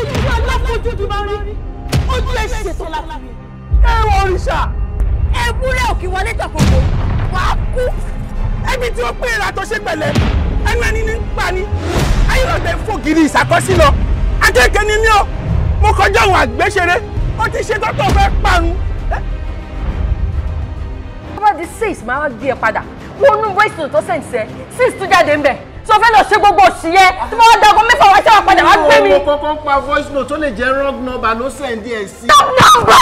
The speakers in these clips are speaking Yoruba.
ojú aláfojú ti máa rí ojú ẹ ṣètò láti rí. ẹ wọ òrìṣà. ewúrẹ́ òkè wọlé tọkọ̀kọ̀ wà á kú. ẹbí tí ó pé ìràtọ̀ ṣe pẹ̀lẹ́ ẹnu ẹni ní pani ayélujára fò gidi ìṣàkọsí lọ akẹ́kẹ́ ni mí o mo kọjá àwọn àgbẹ̀ṣeré ó ti ṣe tọ́tọ̀ fẹ́ parun. bá di six máa wá gbé ẹ padà wọnú voice note tó sẹ́ǹtì sẹ́ six tó jáde ń bẹ̀ tó fẹ́ lọ ṣe gbogbo òsì yẹn tí mo wá dago mẹ́fà wá ṣe wà padà wá gbé mi. mo kọ́kọ́ pa voice note tó lè jẹ́ wrong number ló sẹ̀ndí ẹ̀ sí. top number.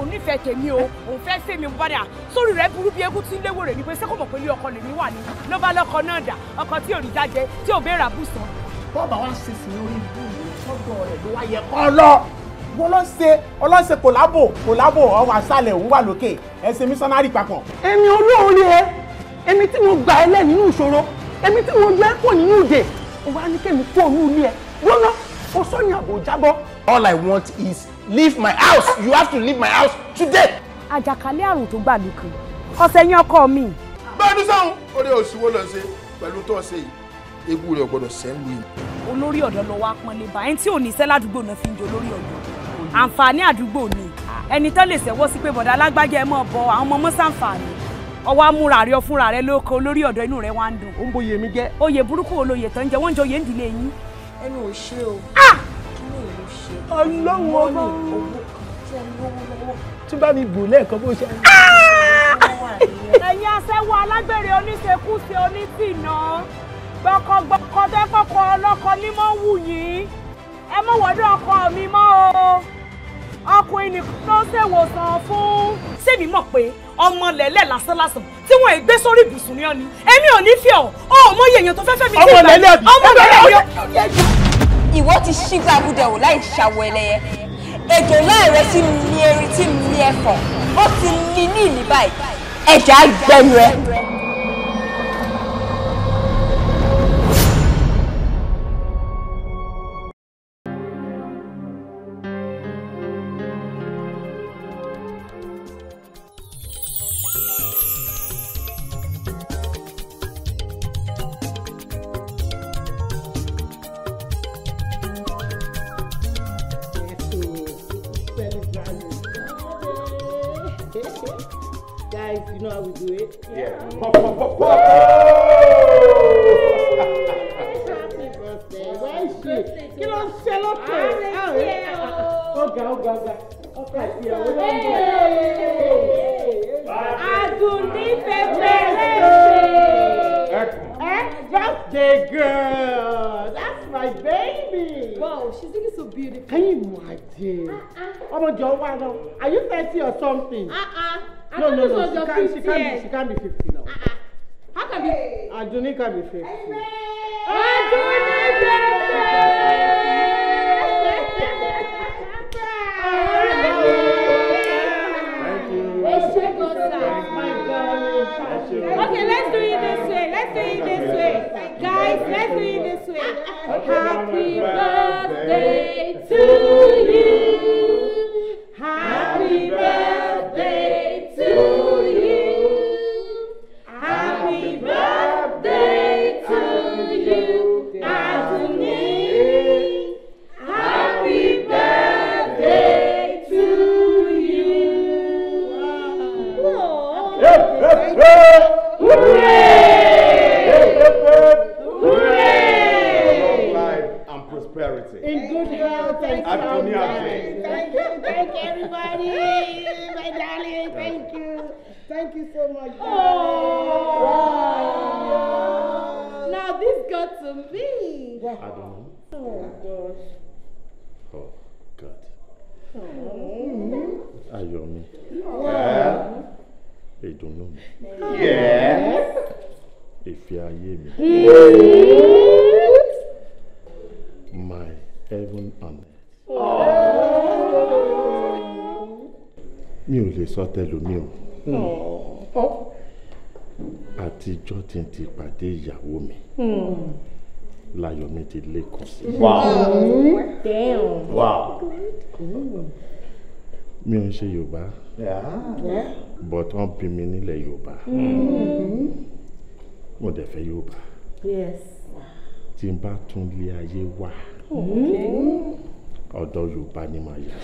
onífẹ̀ẹ́ tèmi o òun fẹ́ fẹ́ mi bọ́dà sórí rẹ̀ burú bí eégún tí ń léwòrè sẹ́kọ̀ mọ̀ pé ọkọ lèmi wà ní ló bá lọ́kọ náà dà ọkọ tí ò rí jáde tí ò béèrè àbùsàn. bọ́ọ̀bà wa ṣe sí orí búrú sọ́dọ̀ rẹ̀ kòlábò kòlábò ọwọ́ àṣàlẹ̀ òun wà lókè ẹ ṣe mísọ́nárì papọ̀. èmi olóore èmi tí mo gbà ẹ lẹ́ nínú ìṣòro èmi tí mo yẹ kò nínú ìdè òun á ní kẹ́mi kú òun ilé ẹ lọ́nà o sọ ní àbò jábọ́. all i want is leave my house you have to leave my house today. àjàkálẹ̀ àrùn tó gbàlù kan ọ̀sẹ̀ yẹn ọkọ mi. bẹ́ẹ̀ni sọ́hun orí oṣù wo lọ ṣe pẹ̀lú tó ṣe yìí ewu rẹ̀ gbọ́dọ̀ sẹ́ńlú yìí. olórí ọ̀dọ́ lọ wá pọ́nlé bá ẹni tí ò ní sẹ́ ládùúgbò náà fi ń jẹ olórí ọ̀dọ́ àǹfààní àdúgbò ni ẹni tó lè ṣẹ́wọ́ sí pé bọ̀dá alágbájá ẹ mọ̀ bọ àwọn ọmọ mọ́sàǹfààní ọwọ́ amúra rẹ fúnra rẹ lóko lórí ọ̀dọ̀ inú rẹ wá ń dùn. ó ń boyè mi jẹ́. oyè burúkú olóyè tán ń jẹ oyè ń dìlé yín. ẹnu ò ṣe o. Ah! inú ọmọ tún bá mi bò lẹ́ẹ̀kan bó ṣe. Ah! ẹ̀yin aṣẹ́wó alágbèrè oníṣekúṣe onítìná gbọ́kọ̀gbọ́kọ̀ tẹ́kọ̀kọ̀ ọlọ́kọ ní mọ́ wù yín ẹ mọ̀ wọ́dọ̀ ọkọ mi mọ́ o ọkùnrin nìkan ló ṣèwòsàn fún. sẹ́mi mọ̀ pé ọmọ lẹ́lẹ̀ lásánlásán tí wọ́n ì gbé sórí ibùsùn ni ọ́ ni èmi ò ní fi ọ̀ ọ́ ò mọyì tó fẹ́ fẹ́ mi sí ìgbà ọmọ lẹ́lẹ̀ àbí ọmọ lẹ́lẹ̀ àbí. ìwọ ti ṣí gbàgùdẹ̀ wò láì ṣàwọ̀ ẹlẹ́yẹ ejò láàrẹ tí mi erin tí mi ẹ̀fọ́ ó ti ní ní ìní báyìí ẹ̀jẹ̀ á gbẹnu ẹ. 14. Uh uh. I no, no, no. she can't be, she can't be 50 now. Uh uh. How can hey. be? Adunni can't be 50. Amen. Wow! Damn! Wow! mi ò ń ṣe yorùbá but wọ́n bí mi nílẹ̀ yorùbá mm. mo dẹ̀ fẹ́ yorùbá tí n bá tún lé ayé wá ọ̀dọ̀ yorùbá ni màá yà.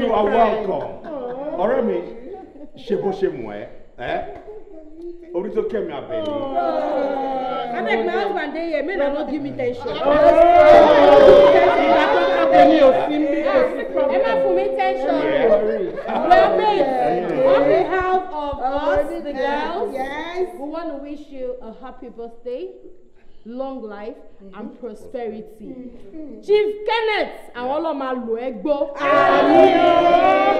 you are welcome oh. ọ̀rẹ́ mi ṣe bó ṣe mọ̀ ẹ́ orí tó kẹ́mi abẹ́lé abeg my husband dey here make na no give me ten sion. èmi ò sí ten sion. roommate on behalf of us the girls we want to wish you a happy birthday long life mm-hmm. and prosperity. Mm-hmm. Chief Kenneth àwọn ọlọ́mọ àlò ẹ gbó.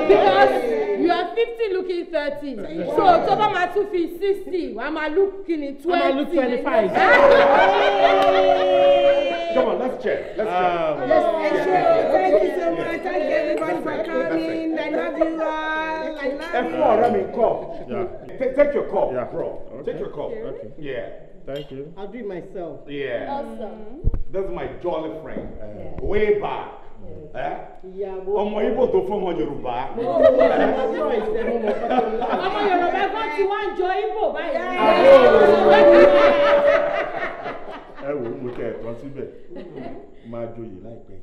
because you are fifty looking thirty so tó bá máa tún fi sixty look kìíní I'm a look twenty Come on, let's check. Let's check. Um, yes, yes, yes, thank you so much. Thank you everybody for coming. I love you all. I love you. Ẹ fún ọ̀rẹ́ mi Take your call, yeah. bro. Take your call. Yeah. Thank you. I'll do it myself. Yeah. Awesome. Mm-hmm. That's my jolly friend. Uh, yeah. Way back. Eh? ọmọ ibo tó fọmọ yorùbá. Oh, ọmọ yorùbá kan ti wá ń jọ ibo báyìí. ẹ wò mo tẹ ẹ̀tọ́ síbẹ̀ máa joyè láìpẹ́.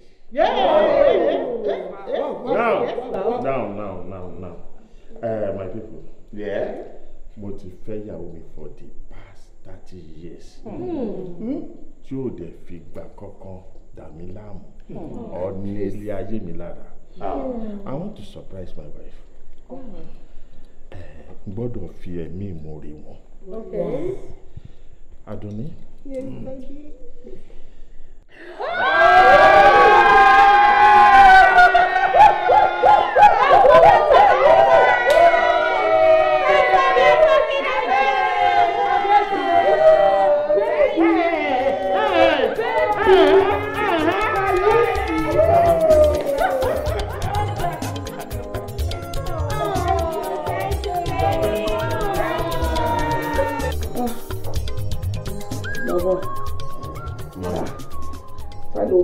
now now now now now uh, eh, my people mo ti fẹ́ yàwó mi for the thirty years hmm. Hmm? tí ò dẹ̀ fi gbà kankan dà mí láàmú hmm. ọ ní ilé ayé mi lára I want to surprise my wife eh, gbọ́dọ̀ fi ẹ̀mí ìmoore wọn Adunni. Yes, baby.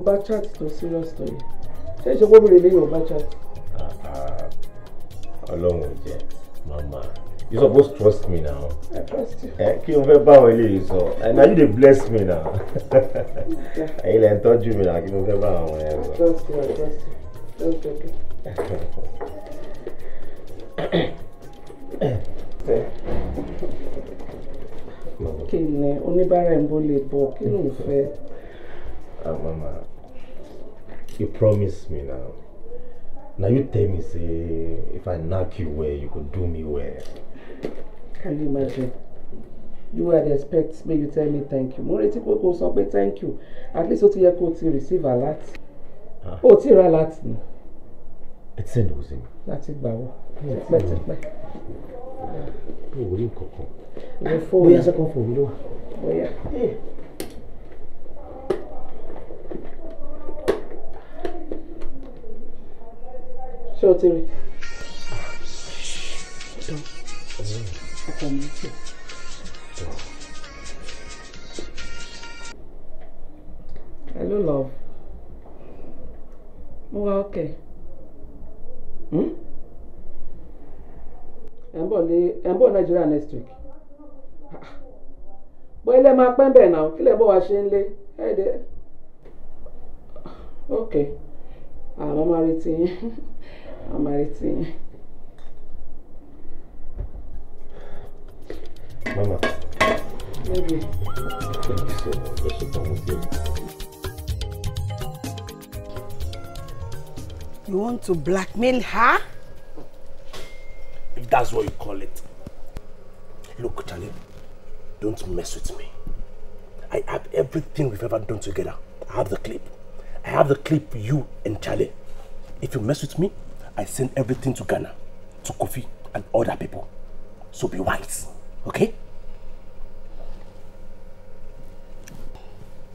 bá chat tó serious story ṣé ìṣe kó bèrè lẹ́yìn ọba chat. Ah, ọlọ́run ò jẹ́ mama you suppose trust me now. I trust you. ẹ eh, kí n fẹ́ bá àwọn eléyìí sọ and na you dey bless me now. ẹ̀yin lẹ ń tọ́jú mi náà kí n fẹ́ bá àwọn ẹ̀ sọ. trust you I trust you don't take it. kí ni oníbàárà ń bọ́ lè bọ̀ kí ló ń fẹ́. Ah, mama You promise me now. Now you tell me, say, if I knock you where you could do me where? Can you imagine? You had expect me, you tell me thank you. Mo retí pé kò sọ thank you. At least ó ti yẹ kó o ti receive alert. Ah. Ó ti ra alert ni. Etí ẹ̀ ló ṣe. Láti gbà wọ́. Tipẹ́ tipẹ́. Mi ò rí nǹkan kan. Bóyá sẹ́kọ̀ọ́ fún mi ló ṣé o ti rí. ọkọ hello love mo wá ọkẹ hmm? ẹ ń bọ̀ lé ẹ ń bọ̀ Nàìjíríà next week bọ́ ilé máa pẹ́ bẹ́ẹ̀ náà kílẹ̀ bọ́ wa ṣe ń lé ẹ̀ẹ́dẹ́ ok àmọ́ máa retí yín i mama baby thank you so much you're you want to blackmail her if that's what you call it look Charlie, don't mess with me I have everything we've ever done together I have the clip I have the clip you and Charlie if you mess with me I send everything to Ghana, to Kofi and other people. So be wise, okay?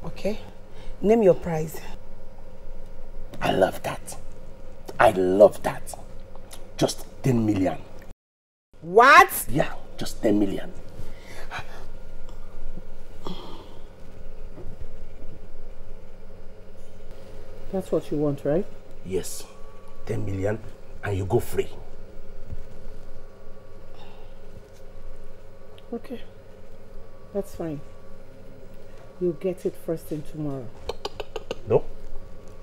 Okay. Name your price. I love that. I love that. Just 10 million. What? Yeah, just 10 million. That's what you want, right? Yes. 10 million and you go free. Okay. That's fine. You'll get it first thing tomorrow. No.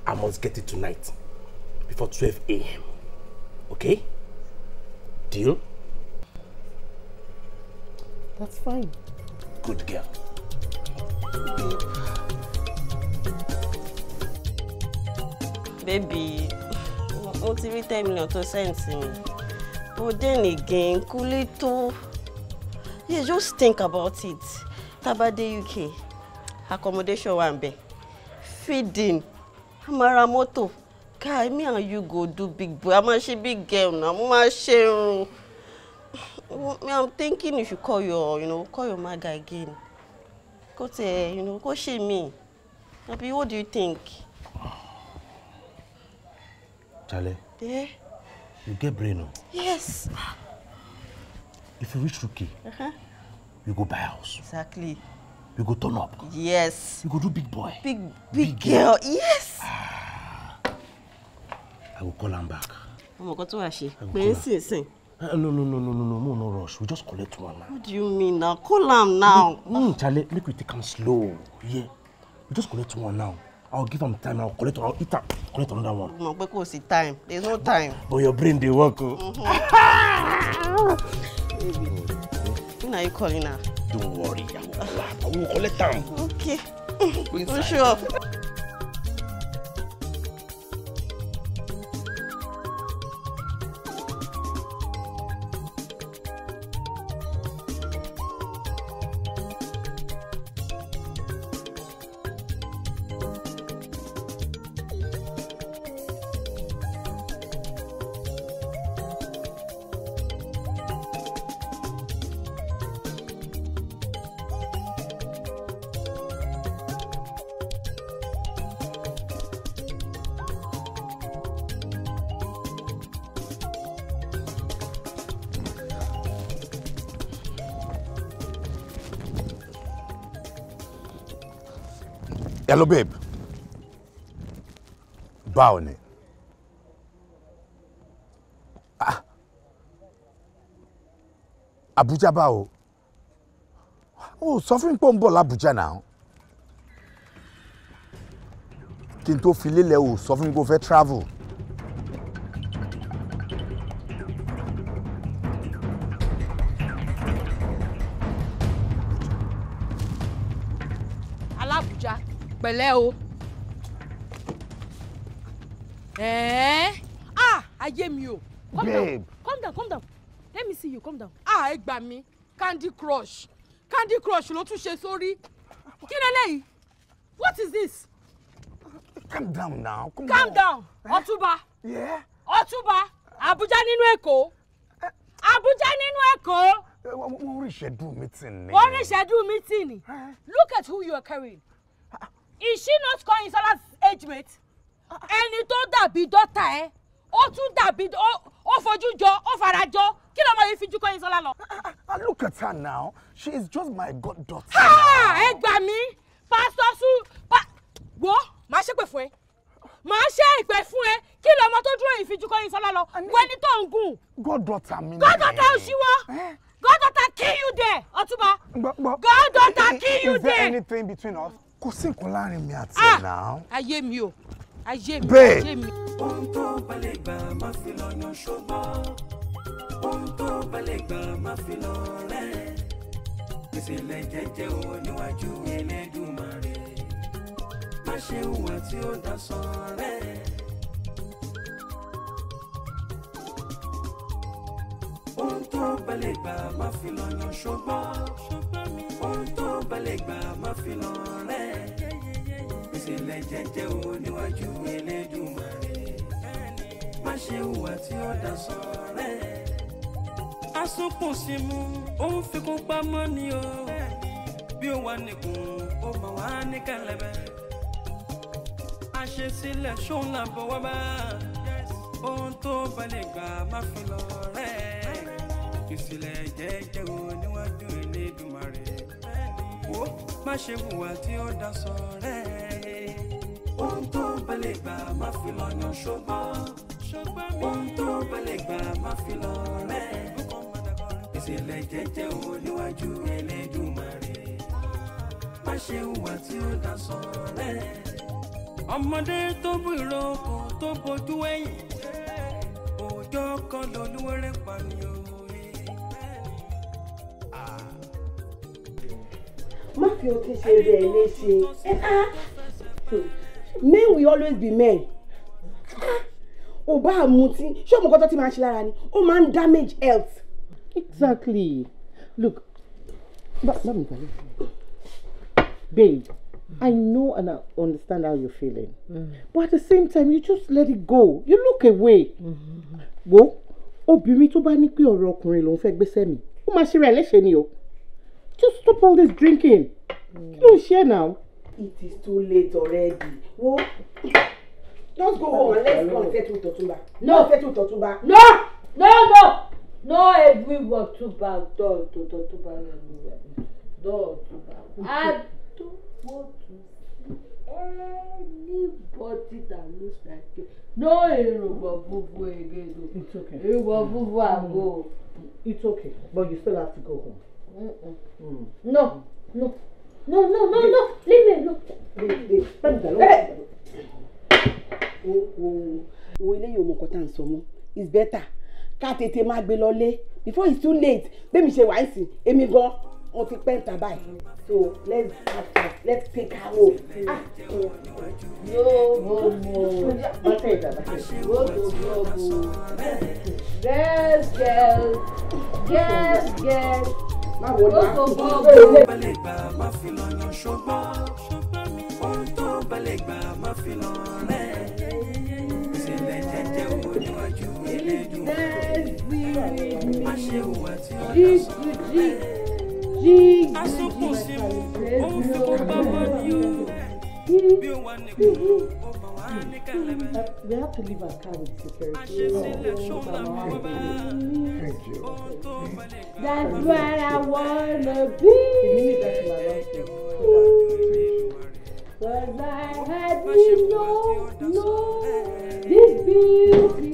I must get it tonight. Before 12 a.m. Okay? Deal? That's fine. Good girl. Baby. mo ti rí ten million tó sẹ́ǹtì mi but then again kúlé tó you just think about it tabade UK accommodation wà ń feeding amara mọ́tò guy me and you go do big boy a máa ṣe big girl na mo máa ṣe irun me i'm thinking if you call your you know call your maga again kó tẹ you know kó ṣe mí àbí what do you think. Chale. Yeah. You get brain no? Oh? Yes. If you reach rookie. uh -huh. you go buy house. Exactly. You go turn up. Yes. You go do big boy. Big big, big girl. girl. Yes. Ah, I will call him back. I'm kan to wà ṣe. Pè é sìn sìn. Ah, no no no no no no no rush we just collect one now. What do you mean Now Call him now. Mm, Chale, make we take am slow. Yeah. We just collect one now. I'll give am time. I'll collect. I'll eat up. Collect another one. Mo pé kò sí time. There's no time. But your brain they work o. Oh. Who na you calling her? Don't worry, I will collect am. Okay. Go inside. show up. Hello, babe. Báwo Ah. Abuja báwo? Oh, sọ fún mi pé ó ń bọ̀ lábújá náà. Kí n tó fi travel. pẹ̀lẹ́ o. ẹ̀ẹ́ ah ayé mi o. Babe, down calm down calm down let me see you calm down. ah ẹ gbà mí Candy Crush Candy Crush ló tún ṣe sórí kí lélẹ́yìí what is this. calm down now Come calm down. down eh? Ọ̀túnba yeah. Ọ̀túnba Àbújá nínú Èkó eh. Àbújá nínú Èkó. Eh, wọ́n rí ìṣẹ́dú mítìnì. wọ́n rí ìṣẹ́dú mítìnì look at who you are carrying is she not calling Isola's age mate ẹni tó dàbí dọ́tà ẹ ó tún dàbí ó fojú jọ ó fara jọ kí ló máa yí fi ju kọ́yìn sọ́lá lọ. Ah, ah, ah, look at her now she is just my god daughter. ẹ gbà mí pásítọ̀ sùn wo màá ṣépè fún ẹ màá ṣe ìpè fún ẹ kí ló ọmọ tó dúró yìí fi ju kọ́yìn sọ́lá lọ wẹ́ni tó ń gùn. god daughter mi nìyẹn god daughter ò ṣíwọ́ eh? god daughter kill you there ọtúbà god daughter kill you there. is there anything between us kò sí nǹkan láàrin mi àti ah! ẹ̀ náà. ayé mi o ayé mi ayé ohun tó balẹ̀ gbà má fi lọ yan ṣùgbọ́n ohun tó balẹ̀ gbà má fi lọ rẹ̀ ìṣẹ̀lẹ̀ jẹ́jẹ́ o níwájú Elédùmarè má ṣe hùwà tí ó dá rẹ̀. ohun tó balẹ̀ gbà má fi lọ yan ṣùgbọ́n balẹ̀ gbà má fi lọ rẹ̀ ìṣẹ̀lẹ̀ jẹ́jẹ́ o níwájú Elédùmarè má ṣe hùwà tí ó dá sọ̀rẹ́. asopọ̀ sí mu ó ń fi kó pamọ́ ni o bí ó wà nìkún ó mà wá ní kẹlẹ́bẹ̀. àṣesílẹ̀ ṣóun làbọ̀ wá bá ohun tó balẹ̀ gbà má fi lọ rẹ̀ ìṣẹ̀lẹ̀ jẹ́jẹ́ o níwájú Elédùmarè wo má ṣe hùwà tí ó dá sọ̀rẹ́ ẹ̀. ohun tó bẹ̀lẹ̀ gbà má fi lọ yan ṣùgbọ́n ohun tó bẹ̀lẹ̀ gbà má fi lọ rẹ̀. ìṣẹ̀lẹ̀ jẹ́jẹ́ wo níwájú Elédùmarè má ṣe hùwà tí ó dá sọ̀rẹ́ ẹ̀. ọmọdé tó bú ìrókò tó bojú ẹ̀yìn òòjọ́ kan lolúwẹ́rẹ́ pànìyàn. má fi ọtí ṣe rẹ̀ léṣe men will always be men ò bá àmutí ṣé ọmọ kọ́tọ́ tí máa ń ṣe lára ni ó máa ń damage health. exactly look bami bami babe i know and i understand how you're feeling mm. but at the same time you just let it go you look away mm-hmm. wo obìnrin tó bá ní pé ọ̀rọ̀ ọkùnrin lòún fẹ́ gbé sẹ́mi ó máa ṣe rẹ̀ léṣe ni o. Mm -hmm just stop all this drinking kí ló ń now. it is too late already wo just go home and let's go and settle Totunba no settle Totunba. no no no no everyone too bad don to Totunba everywhere don i don't want to anybody that looks like you no èròngbò búbu again o èròngbò búbu àgbo. Mm. it's okay but you still have to go home. No, no, no, no, no, no, leave me alone. Wo eléyìí ọmọ kan tá à ń sọ mọ́ It's better ká tètè máa gbé lọlé before it's too late bẹ́ẹ̀ mi ṣe wá sí èmi gan wọn ti pẹ́ ń ta báyìí so let's after let's take our home. Ah! yóò bó mo bàtà ìdàgbà yóò bó bó láwọn ọjà ilé ilé. ohun tó balẹ̀ gbà má fi lọ rẹ̀ sílẹ̀ jẹ́jẹ́ owó níwájú elédùn má ṣe hùwà tí ó lọ sọ rẹ̀ asopọ̀ sí mu òun fi kó bá wà ní o bí ó wà nìkan ó We have to leave our car with security. Thank you. That's where I wanna be. Cause I had to know, know this beauty.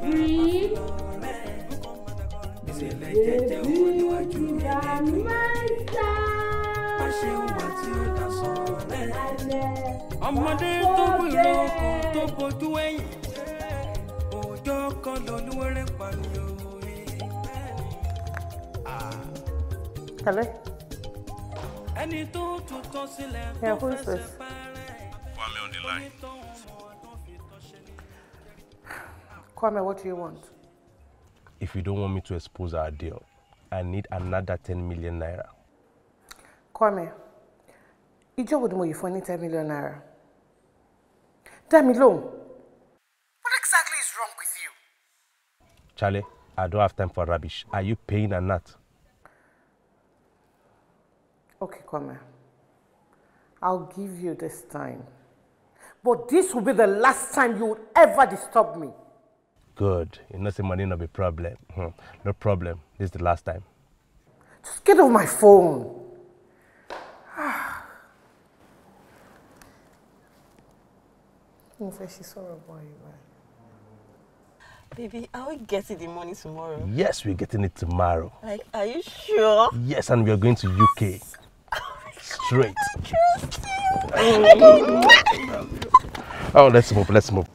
Breathe. This is my time ṣe wà tí ó dá sọ́ọ̀rẹ́. ọmọdé tó wúlò kò tó bojú ẹ̀yìn. òjò kan lolúwẹ̀rẹ̀ pànìyàn orí. Hello. ẹni tó tutọ́ sílẹ̀ tó fẹsẹ̀ bẹ̀rẹ̀. Kwame on the line. Kwame, what do you want? If you don't want me to expose our deal, I need another ten million naira. Kwame, you wo ni mo yìí fún ní ten million naira? Dá me, lóhùn. What exactly is wrong with you? Charlie, I don't have time for rubbish. Are you paying or not? Okay, Kwame. I'll give you this time. But this will be the last time you will ever disturb me. Good. You know, say money not be problem. Hmm. No problem. This is the last time. Just get off my phone. Mo fẹ́ ṣe sọ̀rọ̀ bọ̀ Baby, are we getting the money tomorrow? Yes, we're getting it tomorrow. Like, are you sure? Yes, and we are going to UK. Straight. I trust you. oh, let's move, let's move.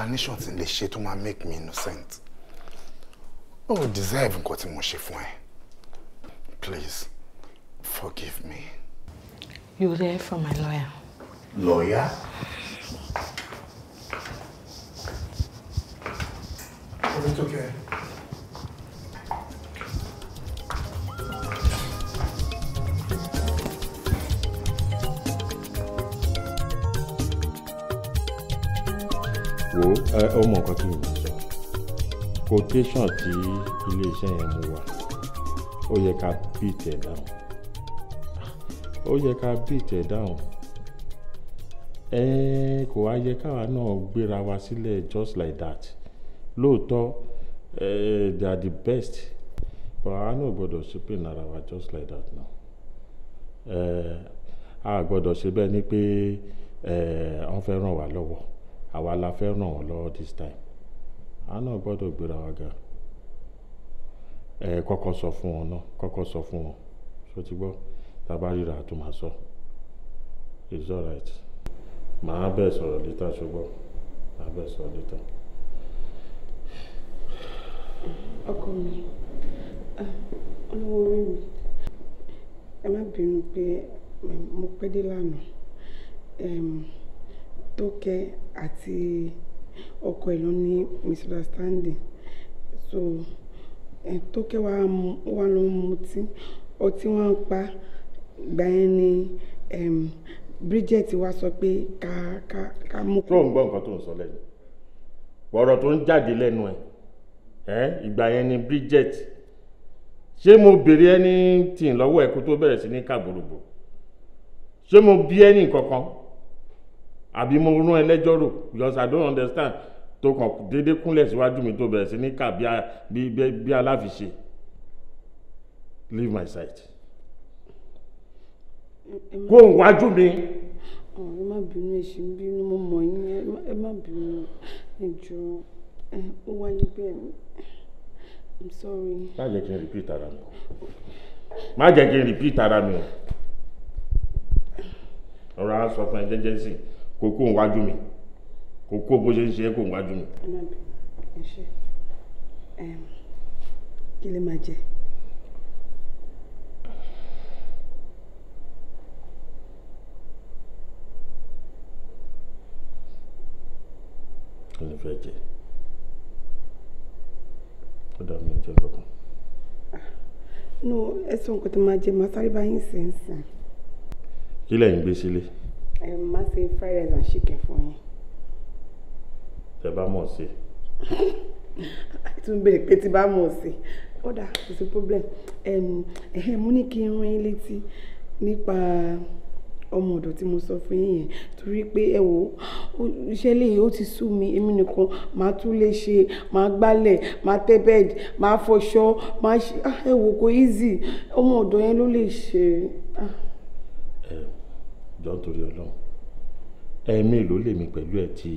explanation tí lè ṣe tó máa make me innocent o oh, deserve nǹkan tí mo ṣe fún ẹ please forgive me. you will hear from my lawyer. lawyer. nǹkan tí mo lè sọ quotation tí iléeṣẹ́ yẹn mú wá ó yẹ ká beat ẹ̀ down ó yẹ ká beat ẹ̀ down ẹ kò wá yẹ káwa náà gbéra wa sílẹ̀ just like that lóòótọ́ eh, they are the best but àwa náà gbọ́dọ̀ ṣùpìn ara wa just like that now eh, a gbọ́dọ̀ ṣe bẹ́ẹ̀ ni pé wọ́n fẹ́ ràn wá lọ́wọ́. àwa la fẹ́ ràn lọ́wọ́ this time a náà gbọ́dọ̀ gbéra wa ga ẹ kọ́kọ́ sọ fún ọ náà kọ́kọ́ sọ fún ọ ṣó ti gbọ́ tá bá ríra tó máa sọ it's alright màá bẹ̀ sọ̀rọ̀ létà ṣùgbọ́n màá bẹ̀ sọ̀rọ̀ létà. ọkọ mi ah, olówó orí mi ẹ má bínú pé mo pẹ́ dé lánàá. tókẹ́ àti ọkọ ẹ̀ ló ní misunderstanding so tókẹ́ wa wà ló mutí ọtí wọn ń pa gbà yẹn ni Bridget wa sọ pé ká ká ká mú. tó ń gbọ́ nǹkan tó ń sọ lẹ́yìn ọ̀rọ̀ tó ń jáde lẹ́nu ẹ̀ ìgbà yẹn ni Bridget ṣé mo béèrè ẹni tí ń lọ́wọ́ ẹ̀ kó tó bẹ̀rẹ̀ sí ní kàbòròbò ṣé mo bí ẹni kankan àbí mo rún ẹlẹ́jọ́ rò because I don't understand tó kàn déédéé kúnlẹ̀ síwájú mi tó bẹ̀rẹ̀ sí ní kà bí aláfiṣe leave my sight kó ń wájú mi. ẹ má bínú ẹ bínú mo mọ̀ yín ẹ má bínú ẹ ó wáyé bẹ́ẹ̀ ni i'm sorry. má jẹ́ kí n repeat ara mi má jẹ́ kí n repeat ara mi ọ̀rọ̀ à sọ fún ẹ jẹ́jẹ́ sí i kó kó ń wájú mi kó kó bó ṣe ń ṣe é kó ń wájú mi. kí lè máa jẹ. kí ni fẹ́ jẹ ó dà mí jẹ lọ́kàn. Ah, no ẹ sọ nǹkan tó máa jẹ màá sáré báyìí sẹ́ǹsì. kí lẹ́yìn gbé sílé. Si ẹ má ṣe fried rice and chicken fún yín. tẹ bá mọ̀ sí. tún bèrè pé tí bá mọ̀ sí ó kò sí problem ẹ̀hẹ̀ mo ní kí n rán yín létí nípa ọmọ ọ̀dọ̀ tí mo sọ fún yín yẹn torí pé ẹ wò ó iṣẹ́ lè ó ti sú mi èmi nìkan màá tún lè ṣe màá gbálẹ̀ màá tẹ́ bẹ́ẹ̀dì màá fọṣọ màá ṣe ah, ẹ wò kò easy ọmọ ọ̀dọ̀ yẹn ló lè ṣe. Ah jọ torí Ọlọ́run ẹ̀mí ló lèmi pẹ̀lú ẹ̀ ti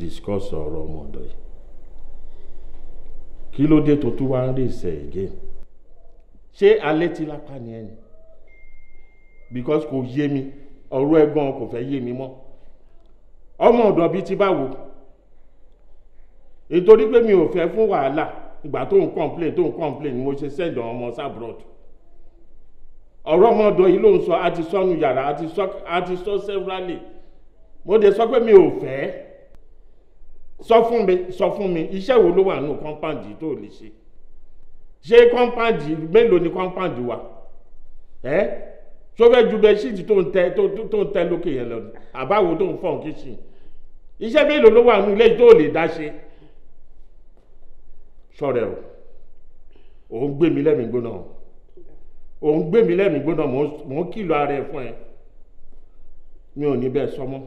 discuss ọ̀rọ̀ ọmọ ọ̀dọ̀ yìí kí ló dé tó tún wá ń rí ìsẹ̀ again ṣé alẹ́ ti lápá ni ẹni because kò yé mi ọ̀rọ̀ ẹ̀gbọ́n kò fẹ́ yé mi mọ́ ọmọ ọ̀dọ̀ bíi ti báwo nítorí pé mi ò fẹ́ fún wàhálà ìgbà tó ń complain tó ń complain ni mo ṣe send ọmọ sábrọ̀dù ọ̀rọ̀ ọmọdọ̀ yìí ló ń sọ àti sọnù yàrá àti sọ severally mo dé sọ pé mi ò fẹ́ sọ fún mi sọ fún mi iṣẹ́ wo ló wà nù compound yìí tó lè ṣe ṣé compound mélòó ni compound wa ẹ tó fẹ́ ju bẹ́ṣíìtì tó ń tẹ tó ń tẹ lókè yẹn lọ àbáwo tó ń fọ́n kíṣìn iṣẹ́ mélòó ló wà nù ilé tó lè dá ṣe sọ̀rọ̀ ẹ̀ o ò ń gbé mi lẹ́mìí gbóná o òun gbé mi lẹ́mìí gbóná mò ń kìlọ̀ ara ẹ̀ fún ẹ mi ò ní bẹ́ẹ̀ sọmọ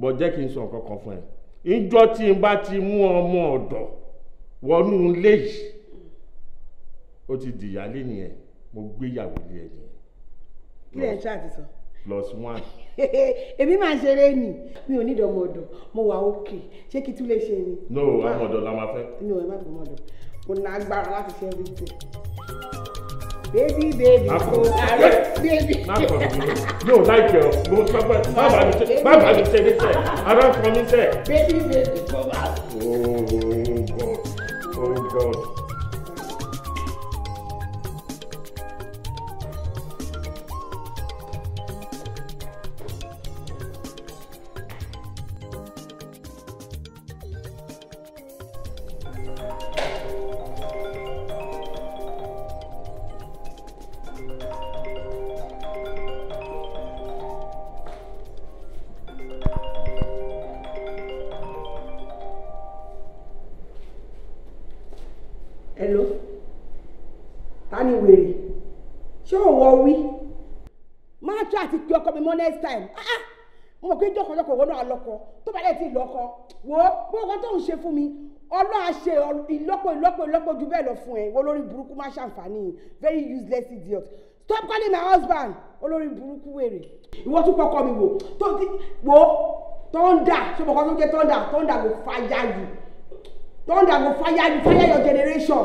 bọ́ jẹ́ kí n sọ nǹkan kan fún ẹ ìjọ tí n bá ti mú ọmọ ọ̀dọ̀ wọnú ilé yìí ó ti dìyálé nìyẹn mo gbéyàwó lé ẹ nìyẹn. kí lè ṣáà ti sọ. plus one. èmi máa ṣeré nì mi ò ní ìdọ̀mọ̀ ọ̀dọ̀ mo wà òkè ṣé kí tún lè ṣe ni. no ọmọ ọ̀dọ̀ la máa fẹ́. mi ò ẹ má bọ̀ ọmọ ọ̀dọ̀ mo ná agbára láti ṣe everything baby baby o ààrẹ baby. yóò láìpẹ́ ọ mo sọ́gbẹ́ má bàa mi ṣe má bàa mi ṣe mi sẹ́ ara fún mi sẹ́. baby baby for us. oh god oh god. next time ah, ah. mo mọ̀ pé jọ̀kọ̀jọ̀kọ̀ ìwọ náà lọ́kọ tó bá dẹ̀ ti lọ́kọ wò ó bó ọkọ tó ń ṣe fún mi ọlọ́à ṣe ìlọ́pọ̀ ìlọ́pọ̀ ìlọ́pọ̀ ju bẹ́ẹ̀ lọ fún ẹ olórí burúkú má ṣàǹfààní very useless idiot stop calling my husband olórí burúkú wèrè ìwọ tún kọkọ mi wò tó ti wò ó thunder ṣé mo kọ́ tó jẹ́ thunder thunder go fire you thunder go fire you fire your generation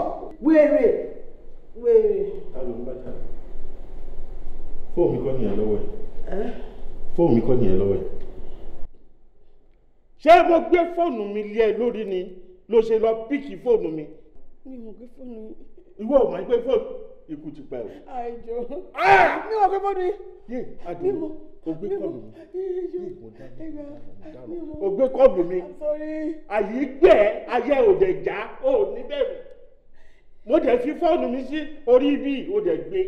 wèrè wèrè. ta ló ń bá jà fóònù mi kọ́ fóònù mi kọ́ nìyẹn lọ́wọ́ ẹ̀. ṣé mo gbé fóònù mi lé ẹ lórí ni ló ṣe lọ píkì fóònù mi. mi ò gbé fóònù mi. ìwọ ò máa gbé fóònù ikú ti pa ẹ. àìjọ ah! mi ò gbé fóònù yìí. yé àdùnnú gbé kọ́ọ̀lù mi o gbé kọ́ọ̀lù mi àyè gbẹ ayé òdẹjà ò ní bẹ̀rù mo dẹ̀ fi fóònù mi sí orí ibi òdẹ gbé.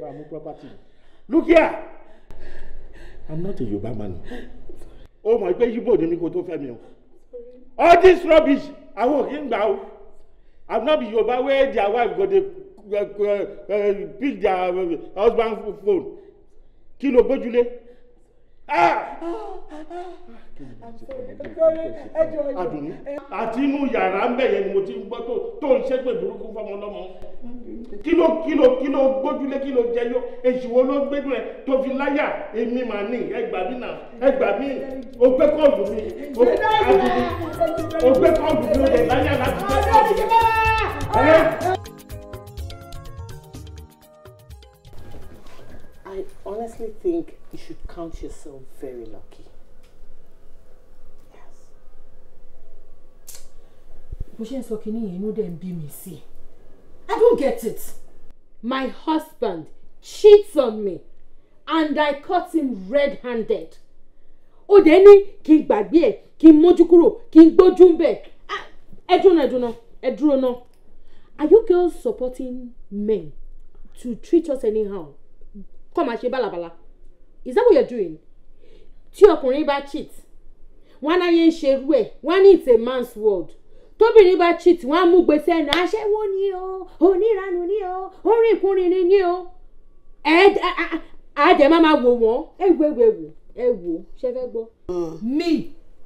ọkọ bá property Look here. I'm not a Yoruba man. Oh my! pé you bought mi kò tó fẹ́ All this rubbish, I òkè ń now. o. I'm not be Yoruba where their wife got the uh, uh, pick their uh, husband phone. Kí ló Ah! adùnní àti inú yàrá ń bẹ̀yẹ ni mo ti ń gbọ́ tó tó ń ṣépè burúkú fọmọ lọ́mọ kílò kílò kílò gbójúlé kílò jẹyọ èsì wo ló gbẹdùn ẹ tó fi láyà èmi màá ní ẹgbà mi náà ẹgbà mi o gbé kọ́ọ̀dù mi adùnní o gbé kọ́ọ̀dù mi o lè láyà láti gbé kọ́ọ̀dù mi. I honestly think you should count yourself very lucky. bó ṣe ń sọ kinní yẹn inú dẹ̀ ń i don't get it. my husband cheats on me and i caught him red-handed. ó dẹ̀ ní kí n gbàgbé ẹ̀ kí n mójú kúrò kí n gbójú ń bẹ̀ ah, ẹ dúró ẹ are you girls supporting men to treat us anyhow kọ́ máa ṣe bálabàla is that what you're doing tí ọkùnrin bá cheat wọn á náyé ń ṣerú ẹ wọn á it's a man's world tóbìnrin bá cheat wọn á mú gbèsè ẹnu aṣẹ́wó ni o oníranù ni o orìnkùnrin ni o ẹ àjẹ má máa wò wọ́n ẹ wo ẹ wo ẹ wo ṣe fẹ́ gbọ́. Mm. me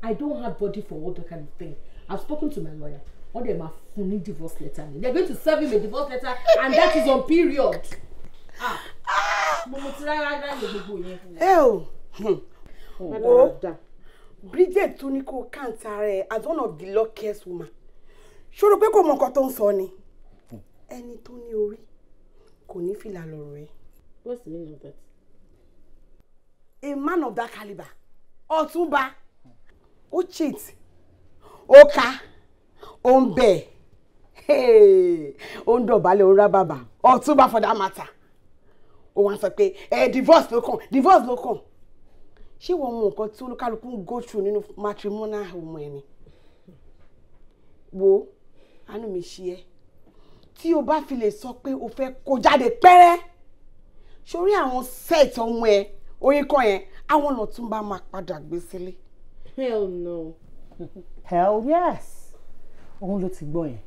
i don't have body for all that kind of thing i've spoken to my lawyer wọ́n dẹ̀ máa fún ní divorce letter ni they're going to serve him a divorce letter and that is on period. Ah. mo mo ti rárá ráyè gbogbo yẹn. ẹ o hmm. wo Bridget tún ní kó kàǹtà rẹ as one of the luckiest women ṣòro pé kò mọ nǹkan tó ń sọ ni ẹni tó ní orí kò ní fìlà lọ̀rọ̀ ẹ. what's the meaning of that. a man of that calibre ọ̀túnba ó cheat ó ka ó ń bẹ̀ ó ń dọ̀bálẹ̀ ó rá bàbà ọ̀túnba for that matter ó wá sọ pé ẹ eh, divorce ló kàn divorce ló kàn ṣé wọn mọ nǹkan tí olúkálùkù ń go through nínú matrimonial home ẹni wo àánú mi ṣe ẹ́ tí o bá fi lè sọ pé o fẹ́ kó jáde pẹ́rẹ́ sórí àwọn set ọmọ ẹ oyin kan yẹn àwọn lọ tún bá máa padà gbé sílé. hell no. hell yes òun ló ti gbọ́ yẹn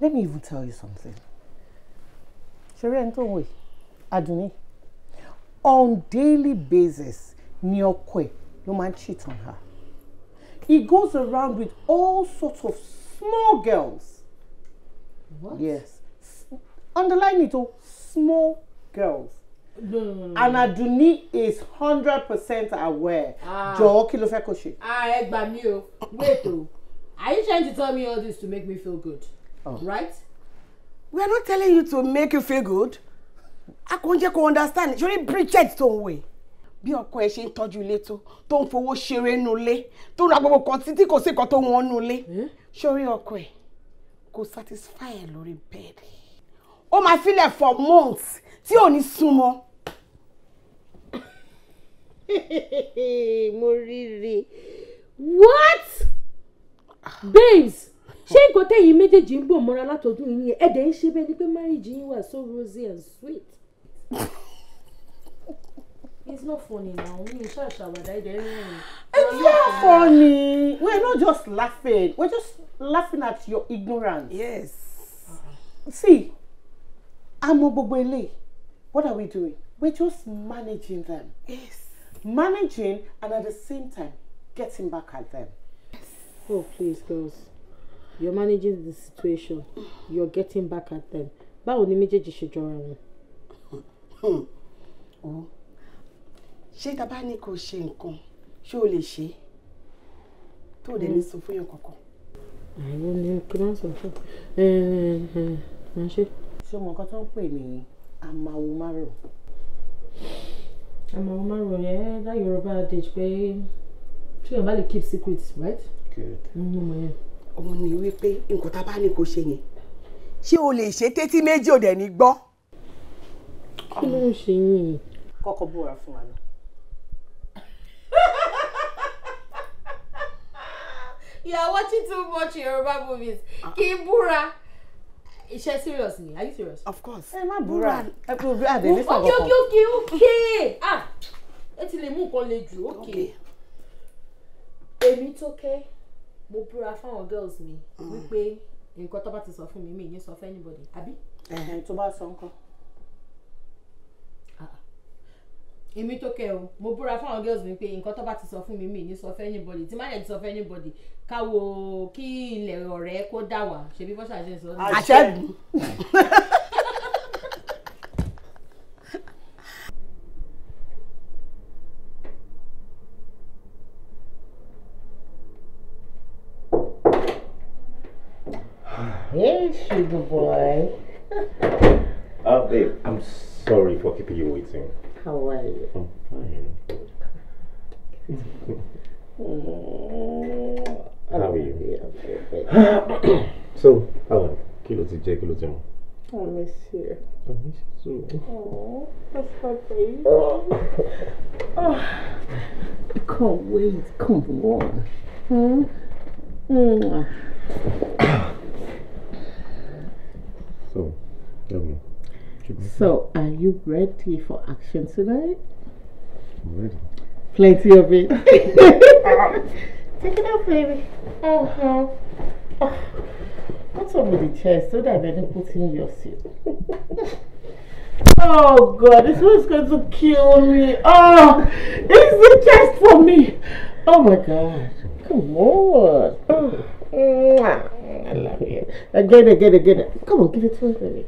let me even tell you something ṣeré ẹni tó ń wè Adùnní on daily basis ni ọkọ ẹ ló máa ń cheat on her he goes around with all sorts of small girls. What? Yes. Underline it, all. Oh. small girls. No, no, no, no. And Adunni is hundred percent aware. Ah. kí ló fẹ́ Ah, ẹ gbà Wait o. Are you trying to tell me all this to make me feel good? Oh. Right? We are not telling you to make you feel good. A kò understand. You're o rí Bridget way bí ọkọ ẹ ṣe ń tọ́jú ilé tó tó ń fowó ṣeré nu ilé tó ń ra gbogbo kan títí kò sí nǹkan tó wọ́n nu ilé sórí eh? ọkọ ẹ kò satisfy ẹ lórí bẹ́ẹ̀dì ó máa sílẹ̀ for months tí ò ní súnmọ́. mo rírì what babes ṣé nǹkan tẹ̀yìn méjèèjì ń bò mọ́ra látọdún yìí ẹ̀ dẹ̀ ń ṣe bẹ́ẹ̀ ni pé marriage yín wà so rosy and sweet. It's not funny now. It's not funny. We're not just laughing. We're just laughing at your ignorance. Yes. See, àmọ́ gbogbo eléyìí. What are we doing? We're just managing them. Yes. Managing and at the same time getting back at them. Oh, please, girls. You're managing the situation. You're getting back at them. Báwo ni méjèèjì ṣe jọra wọn? Oh ṣé tá a bá ní kó ṣe nǹkan ṣé o lè ṣe é tó o dẹ̀ ní sọ fún yàn kankan. àìwọ ni kí n sọ fún ẹ ẹ máa ṣe. ṣé o mọ nǹkan tó ń pè ní amawo márùn. amawo márùn yẹn dá yorùbá adage pé ṣé yàn lè keep secret right. good. ọmọ yẹn. òun ni wípé nǹkan tá a bá ní kó ṣe yẹn ṣé o lè ṣe tétí méjì ò dẹ̀ ní gbọ́. kí ló ń ṣe yín. kọ́kọ́ búra fún wa náà. you are watching too much Yoruba movies ah. kí n is she serious ni are you serious. of course Hey, my Bura. ẹ kò okay, okay. ní sọ̀rọ̀ kan. ah ẹ ti lè mú nǹkan le jù ok èmi tó kẹ́ mo búra fáwọn girls mi mm. wípé nǹkan tó bá ti sọ fún mi mi ní sọ fún anybody àbí. To bá sọ nǹkan. Ah, ah. èmi tó kẹ́ o mo búra fáwọn girls mi pé nǹkan tó bá ti sọ fún mi mi ní sọ fún anybody tí má yẹ ti sọ fún anybody ká kí ilẹ̀ ọ̀rẹ́ kó dà wá ṣebí bọ́sà ṣe sọ. àṣẹ́gun. Hey, sugar boy. uh, babe, I'm sorry for keeping you waiting. How are you? I'm fine. Oh. so, allora, chi lo dice, chi lo siamo? I miss you. I miss you too. Oh, that's my baby. oh. I can't wait. Come on. Hmm? Mm. so, Emily. So, are you ready for action tonight? I'm ready. Plenty of it. Take it off, baby. Oh, no. Oh. What's up with the chair so that I didn't put in your seat? oh, God, this one's going to kill me. Oh, it's the chest for me. Oh, my God. Come on. Oh. I love you. Again, again, again. Come on, give it to me, baby.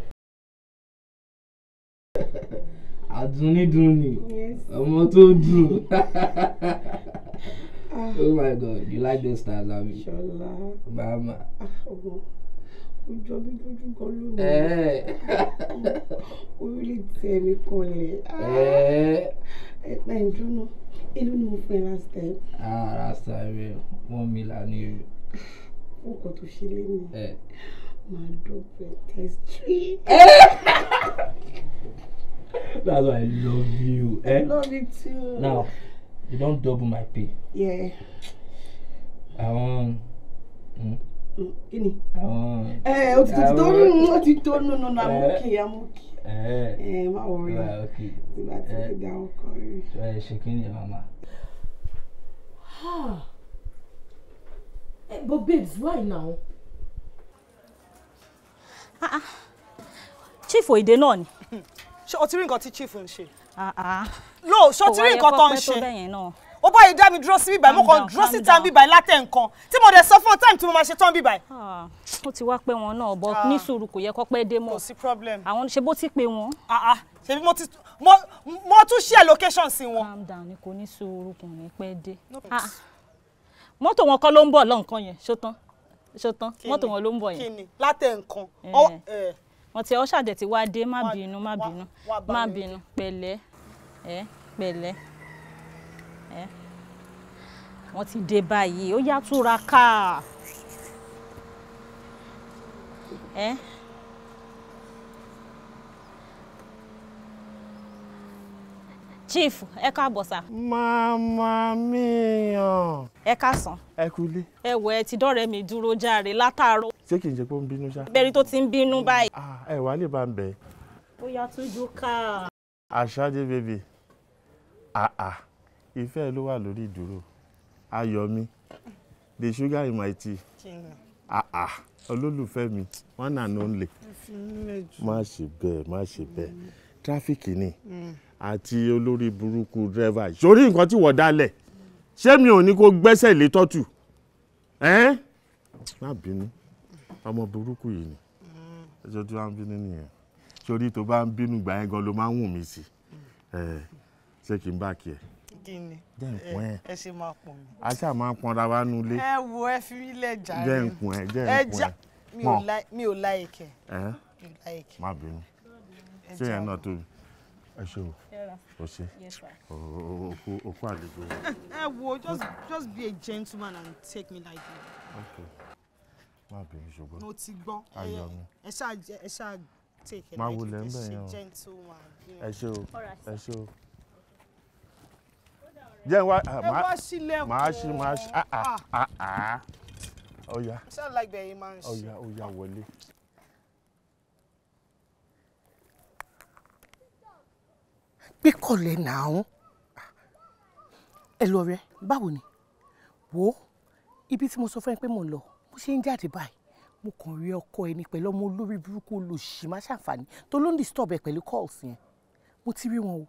àdúnídùn ni ọmọ tó dùn ah. oh my god you like those styles, abi ṣọlá mama ojú ọbí lójú kan lónìí orílẹ̀ tí ẹ̀mí kan lẹ̀ ẹ̀pẹ́ ìdúná èló ni mo fẹ́ last time. ah last time wọ́n mi là ní o. nǹkan tó ṣe lé mi eh. máa dọ̀bẹ̀ times three. Eh. That's why I love you. Eh? Love you too. Now, you don't double my pay. Yeah. Àwọn. Kí ni? Àwọn. Ẹ o ti tó nù o ti tó nù nù nà mú kí ya mú kí. Ẹ má wọrí o. Nígbà tí o gbà ó kọ rí. Ẹ ṣe kí ni màmá? Ah. Eh, but babes, why now? Ah, ah. Chief Oyede náà ni ṣé o ti rí nǹkan tí chief ń ṣe. lo ah, ah. ṣé o ti rí nǹkan tó ń ṣe ó bá yìí dá mi dúró sí bíbá mo kàn dúró sí tán bíbá látẹ̀ nǹkan tí mo dẹ̀ sọ fún ọ táìmù tí mo máa ṣe tán bíbá. Ah, ó ti wá pé wọn náà bọ ní sùúrù kò yẹ kó pẹ́ dé mọ́ kò sí problem àwọn ṣe bó ti pé wọn. ṣebí mo ti mo tún share location sí wọn. calm down ni kò ní sùúrù kò ní pẹ́ dé. mọ́tò wọn kọ́ ló ń bọ̀ lọ́nkàn yẹn ṣó tán ṣó tán mọ́tò wọn ló ń bọ̀ yẹn. kí ni látẹ̀ nǹkan eh. Eh wọn ti ọ ṣàdẹ ti wá dé má bínú má bínú má bínú pẹ̀lẹ́ ẹ pẹ̀lẹ́ ẹ wọn ti dé báyìí ó yá túra ẹ. Eh? chief ẹ káàbọ̀ sá. màmá mi yàn. ẹ káàsán. ẹ kúlé. ẹ wọ ẹ ti dọ́rẹ̀ẹ́ mi dúró járe látàárọ̀. ṣé kì í ṣe pé ó ń bínú ṣá. bẹ́ẹ̀ni tó ti ń bínú báyìí. ẹ wàá lè bá ń bẹ̀. ó yá tójú ká. àṣàjẹ bèbè àà ìfẹ́ ló wà lórí ìdúró ayọ̀ mi the sugar in my tea àà olólùfẹ́ mi one and only má ṣe bẹ́ẹ̀ má ṣe bẹ́ẹ̀ tráfíkì ni. Mm àti olórí burúkú dírẹ́fà sórí nǹkan tí wọ́n dálẹ̀ ṣé mi ò ní kó gbẹ́sẹ̀ lé tọ́tù ẹ́n má bínú ọmọ burúkú yìí ni ẹjọ́ tí wọ́n á ń bínú nìyẹn sórí tó bá ń bínú gbà yẹn gan ló máa ń wù mí sí ṣé kí n bá kí ẹ gidi ni. jẹ́ nkun ẹ ẹ ṣe máa pọ̀n mi. a ṣáà máa pọnra wa nu ilé. ẹ wo ẹ fi mí lẹ̀ jàre. jẹ́ ẹ jẹ́ nkun ẹ. mi ò láìkẹ. ẹ má bínú ṣé yẹn náà tóbi ẹ ṣe o o ṣe o kú àlejò. ẹ wo just just be a gentleman and take me like that. okay má bínú ṣùgbọ́n. mo ti gbọ́ ẹ ṣáà ẹ ṣáà take it like a gentleman. ẹ ṣe o ẹ ṣe o jẹ́ wá ah, máa ṣí máa ṣí máa ṣí ah ah ah ah ọ̀ya ọ̀ya ọ̀ya wọlé. pé kọ̀lẹ́ nàá ẹ lọ rẹ báwo ni Wo, ó ibi tí mo sọ fún ẹ pé mo lọ mo ṣe ń jáde báyìí mo kàn rí ọkọ ẹni pẹ̀lú ọmọ olórí burúkú olùsì má ṣàǹfààní tó ló ń disturb ẹ pẹ̀lú calls yẹn mo ti rí wọn o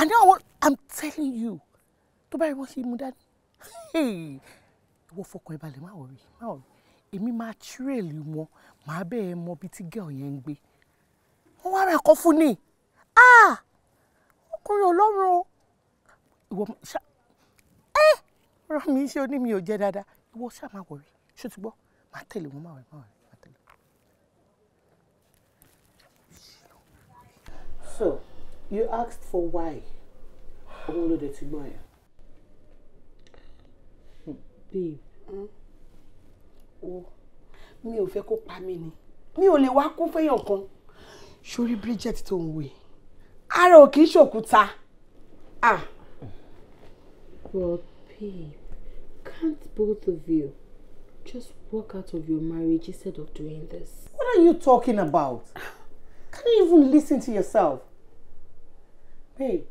and now i'm telling you tó bá rí wọn ṣe mú dání ìwọ fọkàn ẹ balẹ̀ má wọrí má wọrí èmi máa tírèlì wọn màá bẹ́ẹ̀ mọ ibi tí gẹ́ọ̀ yẹn ń gbé wọ́n wá ra ọkọ fún ni. Ah! ọkùnrin ọlọ́run o ìwọ ṣá ẹ ràn mí ṣé o ní mi ò jẹ dáadáa ìwọ ṣá máa wọrí ṣó máa tẹ̀lé wọn máa wọrí máa wọrí So you asked for why òun ló dé ti gbọ́ yẹn. Hmm, babe hmm? o mi ò fẹ́ kó pa mí ni mi ò lè wá kú fẹ́yàn kan sórí Bridget tó ń wèé ara ò kì í ṣòkúta. but babe can't both of you just walk out of your marriage instead of doing this. what are you talking about? can you even listen to yourself? babe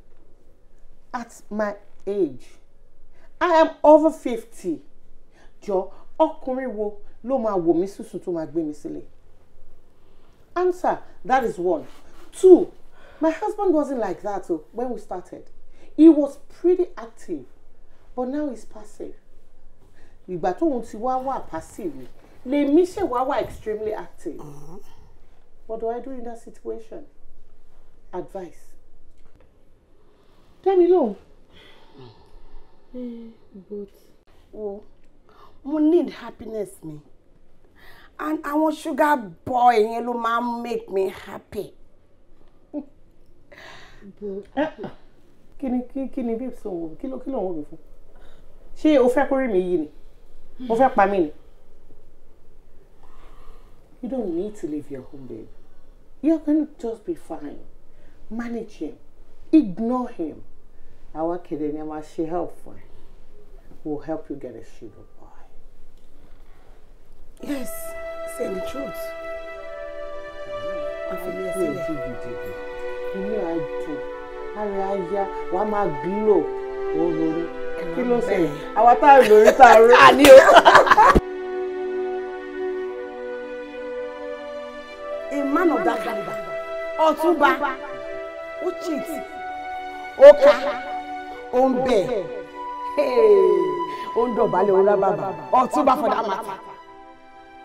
at my age i am over fifty jọ ọkùnrin wo ló máa wò mí sísun tó máa gbé mi sílẹ̀ answer that is one two My husband wasn't like that so when we started. He was pretty active, but now he's passive. Ìgbà tóun ti wá wà passive Le ṣe wawa extremely active. Mm-hmm. What do I do in that situation? Advice. Tell me, lóhùn. But oh, mo need happiness me, and I want sugar boy yẹn ló máa make me happy kí ni kí ni babes òun kí ló kí ló ń wò fún ṣé o fẹ́ kórè mi yìí ni o fẹ́ pa mí ni you don't need to leave your home babe you're gonna just be fine manage him ignore him Our kìdè ni a máa ṣe help for. ẹ will help you get a sugar boy. yes say the truth. Mm -hmm. I feel inú ẹ̀ á dùn máa glow òun kí ló ṣe àwa tá a lórí tá a rí. a man of that caliber ọ̀túnba ó Oka, ó ká ó ń bẹ̀ ó ń for that matter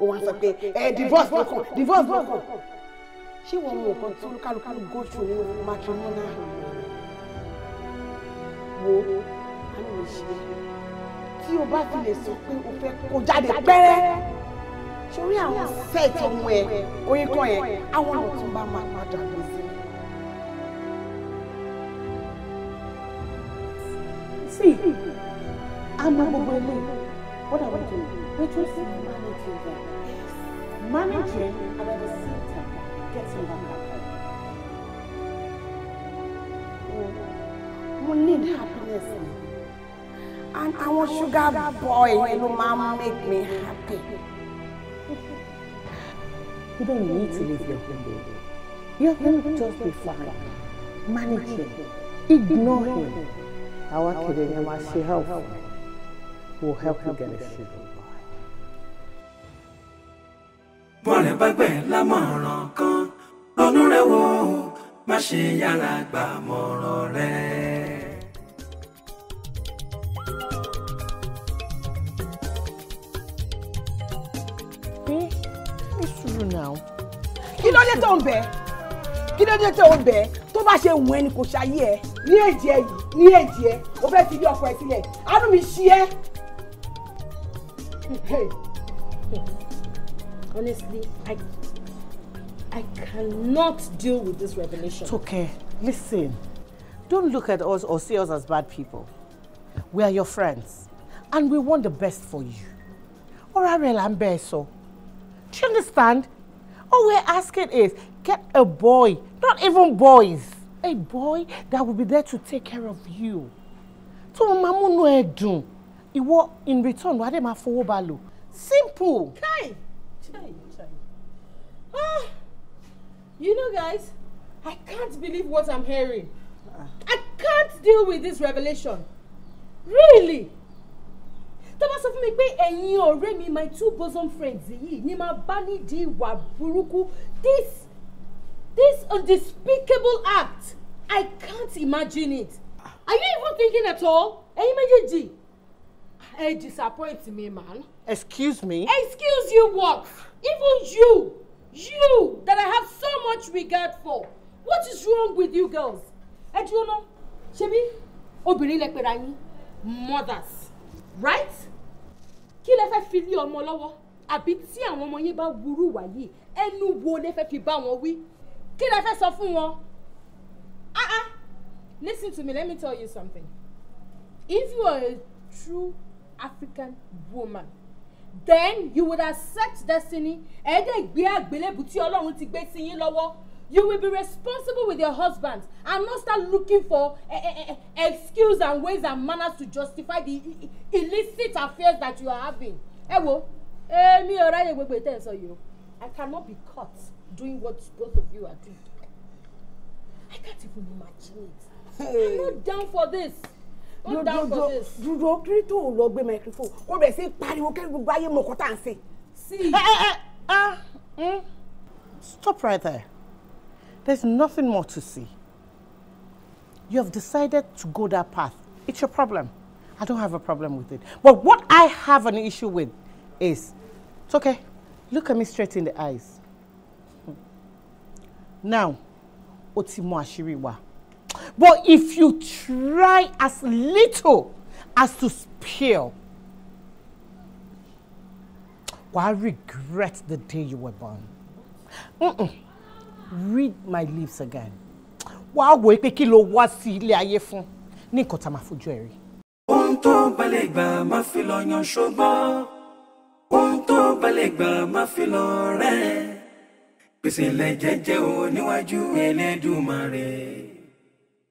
ó wá sọ pé ẹ eh, divorce ló divorce ló ṣé wọn mọ nǹkan tí olúkálukú go through nínú matrimonial wo àánú mi ṣe tí o bá fi lè sọ pé o fẹ́ kó jáde pẹ́rẹ́ sórí àwọn sẹ́ẹ̀tì ọmọ ẹ̀ oyin kan ẹ̀ àwọn ọ̀nà tó bá máa padà lọ sí. sí àmọ́ gbogbo ilé wọ́n dàbọ̀ tó wọ́n tún sí manage rẹ̀ manage rẹ̀ and at the same mo need happiness ni and àwọn sugar boy yẹn ló máa ń make me happy. you don't need to leave your home baby your home just be fine manage him ignore him our kiri yẹn ma ṣe help will help you get a sugar boy. bọ́ọ̀lù bá gbẹ̀ lámọ̀ràn kan olúrẹ̀wò má ṣe yára gbà mọ̀ràn rẹ. kí ló dé tó ń bẹ kí ló dé tó ń bẹ tó bá ṣe wù ẹ́ ni kò ṣayé ẹ ní èjì ẹ yìí ní èjì ẹ o fẹ́ fi ilé ọkọ ẹ sílẹ̀ àánú mi ṣí ẹ. honestly i I cannot deal with this revelation. It's okay. Listen, don't look at us or see us as bad people. We are your friends, and we want the best for you. Orare Lambeso. Do you understand? All we're asking is get a boy, not even boys, a boy that will be there to take care of you. So, mamu no múnú ẹ dùn, ìwọ in return wàá dé máa fowó Simple. Chai! Chai! Chai! Ah! You know, guys, I can't believe what I'm hearing. Ah. I can't deal with this revelation. Really? Thomas of sọ and you, pé ẹ̀yin my two bosom friends yìí ni màá bá nídìí ìwà this this unspeakable act I can't imagine it ah. are you even thinking at all Imagine, G. ẹ disappoint me man. excuse me. excuse you what even you You that I have so much regard for. What is wrong with you girls? And you know, Ṣebí obìnrin lẹ pera yín mothers right? Kí lẹ fẹ́ fi lé ọmọ lọ́wọ́? Àbí tí àwọn ọmọ yín bá wúrú wàyí ẹnu wo lẹ fẹ́ fi bá wọn wí? Kí lẹ fẹ́ sọ fún wọn? Ah ah listen to me let me tell you something. If you are a true African woman then you would accept destiny ẹ̀ẹ́dẹ̀ gbé àgbélébù tí ọlọ́run ti gbé sí yín lọ́wọ́ you will be responsible with your husband and not start looking for uh, eh, uh, eh, eh, excuse and ways and manners to justify the illicit affairs that you are having. ẹ wo èmi ò ráyè gbogbo ètò ẹ̀ I cannot be caught doing what both of you are doing. I can't even imagine it. I'm not down for this dúdúdú dúdú kiri lọ gbé microphone kó bẹ̀rẹ̀ sí pariwo kí gbogbo ayé mọ̀kọ́ tá à ń ṣe. Eh, eh, eh, ah, hmm? Stop right there. There's nothing more to see. You have decided to go that path. It's your problem. I don't have a problem with it. But what I have an issue with is, it's okay. Look at me straight in the eyes. Hmm. Now, ó ti mọ àṣírí wa. But if you try as little as to spill, why regret the day you were born? Mm-mm. Read my lips again. Wàá wò pé kí ló wá sí ilé ayé fún ní nǹkan tá a máa fojú ẹ̀ rí. Ohun tó balẹ̀ gbà máa fi lọ yan ṣùgbọ́n. Ohun tó balẹ̀ gbà máa fi lọ rẹ̀. Pèsè ilẹ̀ jẹ́jẹ́ o níwájú Elédùmarè.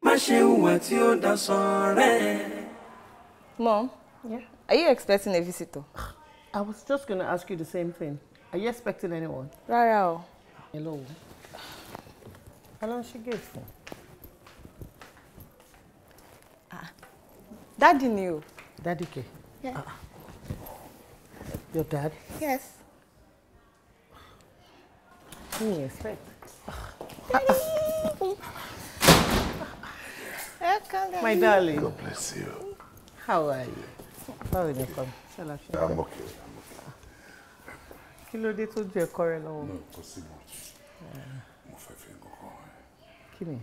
Má ṣe hùwà tí ó dá sọ́rẹ́. Mom, yeah? are you expecting a visitor? I was just gonna ask you the same thing. Are you expecting anyone? Rárá o. Hello. How long she get for? Ah. Daddy ni o. Daddy ke? Yeah. Ah. Your dad? Yes. Who do you expect? Daddy! Welcome, my darling. God bless you. How are you? How are you? I'm okay. I'm okay. Kí ló dé tó ju ẹ̀kọ́ No, kò sí mọ̀. Mo fẹ́ fi nǹkan kan rẹ̀.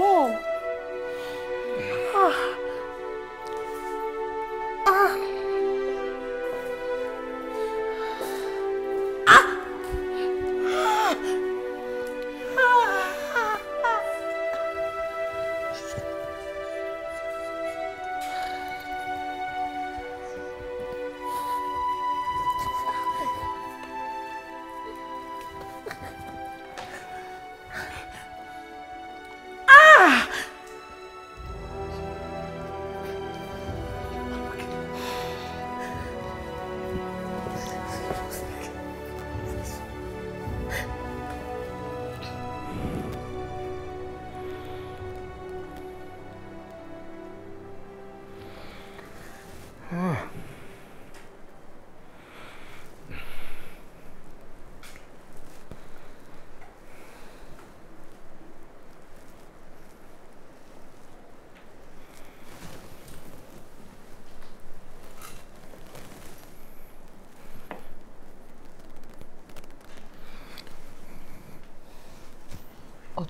Mom! Ah! Ah!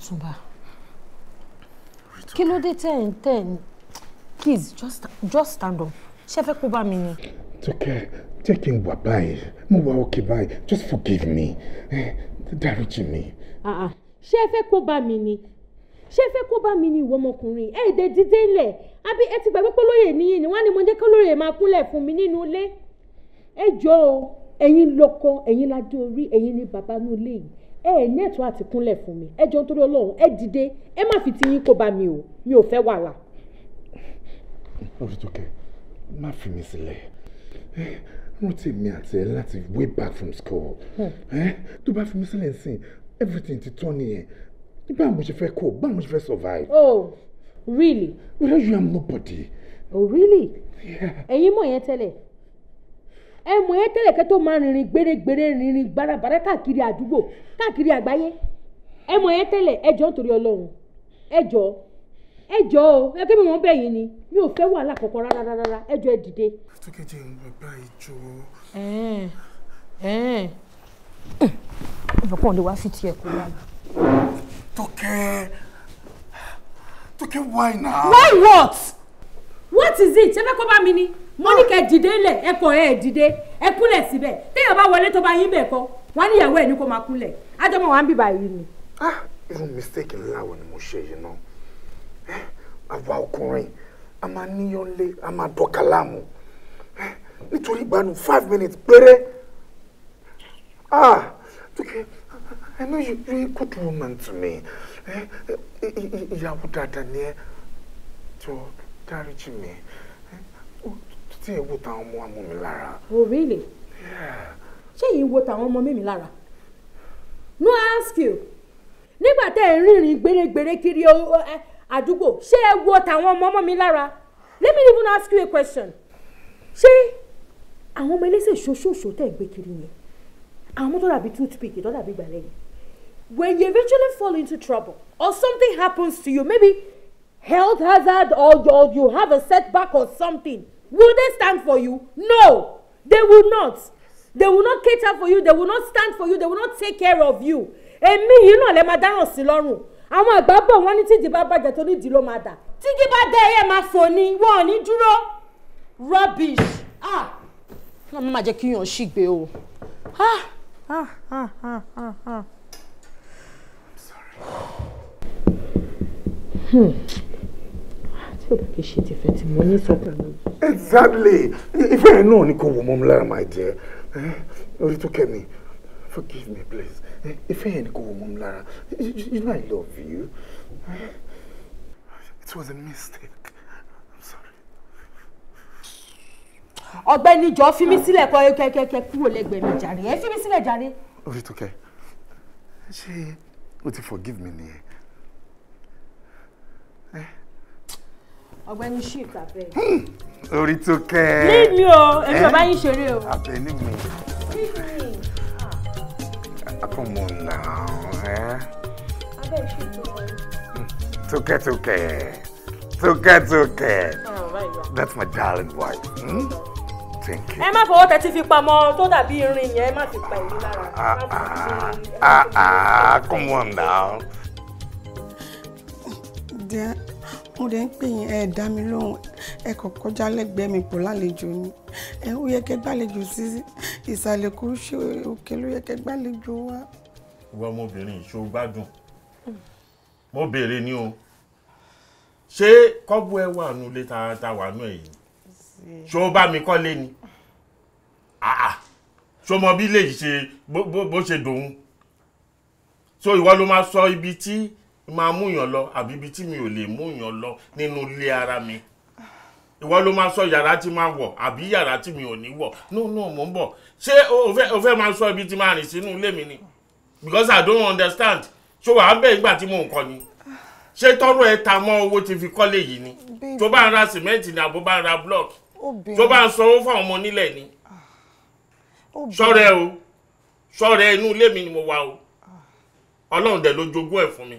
Ọ̀túnba kí ló dé ten ten please just just stand up ṣé fẹ́ kó bá mi ni. it's okay jẹ́ kí n wà báyìí mo wà òkè báyìí just forgive me eh, dáríjì mi. Ah, ah. ṣé ẹ fẹ́ kó bá mi ni ṣé ẹ fẹ́ kó bá mi ni ìwọ ọmọkùnrin ẹ̀ ẹ̀dẹ̀ dídé ńlẹ̀ àbí ẹ ti gbàgbé pólóyè níyì ni wọ́n á ní mo jẹ́ kó lóye máa kúnlẹ̀ fún mi nínú ilé ẹ jọ̀ọ́ ẹ̀yin lọ́kọ ẹ̀yin ládé orí ẹ̀yin ni bàbá nínú yìí ẹ ẹ ní ẹ̀tọ́ àti kúnlẹ̀ fún mi ẹ jọ nítorí Ọlọ́run ẹ dìde ẹ má fi tiyín kó bá mi o mi ò fẹ́ wàhálà. Orítókè má fi mi sílẹ̀ rántí mi àti ẹ láti way back from school hmm. tó bá fi mi sílẹ̀ sìn everything ti tán nìyẹn báwo mo ṣe fẹ́ kó báwo mo ṣe fẹ́ survive. oh really. without you I'm nobody. oh really. ẹ̀yin mọ̀ yẹn tẹ́lẹ̀ ẹ mọ̀ ẹ́ tẹ́lẹ̀ kẹ́ tó máa rìnrìn gbèrègbèrè rìnrìn gbàràbàrà káàkiri àdúgbò káàkiri àgbáyé ẹ mọ̀ ẹ́ tẹ́lẹ̀ ẹ jọ̀ọ́ nítorí ọlọ́run ẹ jọ̀ọ́ ẹ jọ̀ọ́ o ẹ kébì wọn bẹ̀yìn ni mi ò fẹ́ wàhálà kankan rárá rárá ẹ jọ̀ọ́ ẹ dìde. àtúkẹ́jẹ́ ń lọ báyìí jọ. ìbùkún òde wá sí tiẹ̀ kó lára. tókẹ́ tókẹ́ why now. why what what is it ṣé fẹ́ kó bá mi ni mo ní ah. kẹ́ dìde lẹ̀ ẹ kọ̀ ẹ dìde ẹ kúnlẹ̀ síbẹ̀ téèyàn bá wọlé tó bá yín bẹ̀ kọ́ wọn níyàwó ẹ̀ ní kó máa kúnlẹ̀ ájọmọ̀ wa ń bìbà yìí ni. ah irú mistake ńlá wo ni mo ṣe yìí náà eh, àwa ọkùnrin a máa níyàn lé a máa dọ̀kà láàmú eh, nítorí ìbánu five minutes péré ah okay i know you you a good woman to me Eh, ìyàwó dáadáa ni ẹ jọ dáríjì mi tí ẹ wo táwọn ọmọ amú mi lára. oh really? ṣé yìí wo táwọn ọmọ mi lára? no I ask you nígbà tẹ́ ẹ̀ ń rìnrìn gbèrègbèrè kiri àdúgbò ṣé ẹ wo táwọn ọmọ mi lára? let me even ask you a question. ṣé àwọn ọmọ eléṣè ṣoṣooṣo tẹ̀ ń gbé kiri yẹn àwọn ọmọ tó dàbí toothpick tó dàbí gbàlẹ́ yẹn when you eventually fall into trouble or something happens to you maybe health hazard or or you have a setback or something, will they stand for you? No, they will not. They will not cater for you. They will not stand for you. They will not take care of you. And me, you know, I'm a sí lọ́rùn. Àwọn àgbà bọ̀ wọ́n ní tíjì bá bàjẹ́ that nídìí ló máa Think about bá dẹ ẹyẹ máa one ni wọn Rubbish. Ah! I'm a jẹ́ kí yàn ṣìgbé o. Ah! Ah! Ah! Ah! Ah! ah. I'm sorry. Hmm tí ò bá kí ṣe tìfẹ́ tí mo ní sọ́kàn mi. exactly ìfẹ́ yẹn náà ni kò wò mọ́ mi lára my dear eh, orí tó kẹ́ forgive me please eh, ìfẹ́ yẹn ni kò wò mọ́ mi lára you know I love you eh, it was a mistake I'm sorry. ọ̀gbẹ́ni jọ fi mí sílẹ̀ kọ́ kẹ́kẹ́kẹ́ kúrò lẹ́gbẹ̀ẹ́ mi jàre ẹ fi mí sílẹ̀ jàre. orí tó kẹ́ ṣé o ti forgive me nìyẹn. ọ̀gbẹ́ni shift abẹ. Hmm. orí tó kẹ. leave me o èmi ò eh? bá yín ṣeré o. abẹ ní mi. akọmọ náà ẹ. abẹ ìṣèjọ. tókẹ́ tókẹ́ tókẹ́ tókẹ́. that's my darling wife. Hmm? Thank you. ẹ má fọwọ́ tẹ́tí fi pamọ́ tó dàbí irin yẹn ẹ má fi pa èyí lára. ah ah, ah ah come on now. Dear mo dẹ̀ ń pè yín ẹ dá mi lóhùn ẹ kàn kọjá lẹ́gbẹ̀ẹ́ mi pọ̀ lálejò ni ẹ ó yẹ kẹ́ gbàlejò sí ìsàlẹ̀ kò ṣe òkè ló yẹ kẹ́ gbàlejò wa. wọ́n ọmọbìnrin ìṣó gbádùn mo béèrè ni o ṣé kọ́bù ẹ wà nù lé ta wà nù ẹ̀yìn ṣó bá mi kọ́ lé ni ṣó mọ bí lè ṣe bó ṣe dòun so ìwọ ló máa sọ ibi tí máa múyàn lọ àbí ibi tí mi ò lè múyàn lọ nínú ilé ara mi ìwọ ló máa sọ yàrá tí máa wọ̀ àbí yàrá tí mi ò ní wọ̀ no no mò ń bọ̀ ṣé o fẹ́ máa sọ ibi tí máa rìn sínú ilé mi ni because i don't understand ṣé wàá bẹ́ẹ̀ ìgbà tí mò ń kọ́ ni ṣé tọrọ ẹ ta mọ́ owó ti fi kọ́lé yìí ni tó bá ń ra sìmẹ́ǹtì ni àbó bá ń ra blọọkì tó bá ń sanwó fáwọn ọmọ onílẹ̀ ni ṣọ́rẹ́ o ṣọ́rẹ́ inú ilé mi ni mo wà o ọlọ́run dẹ̀ ló jogún ẹ̀ fún mi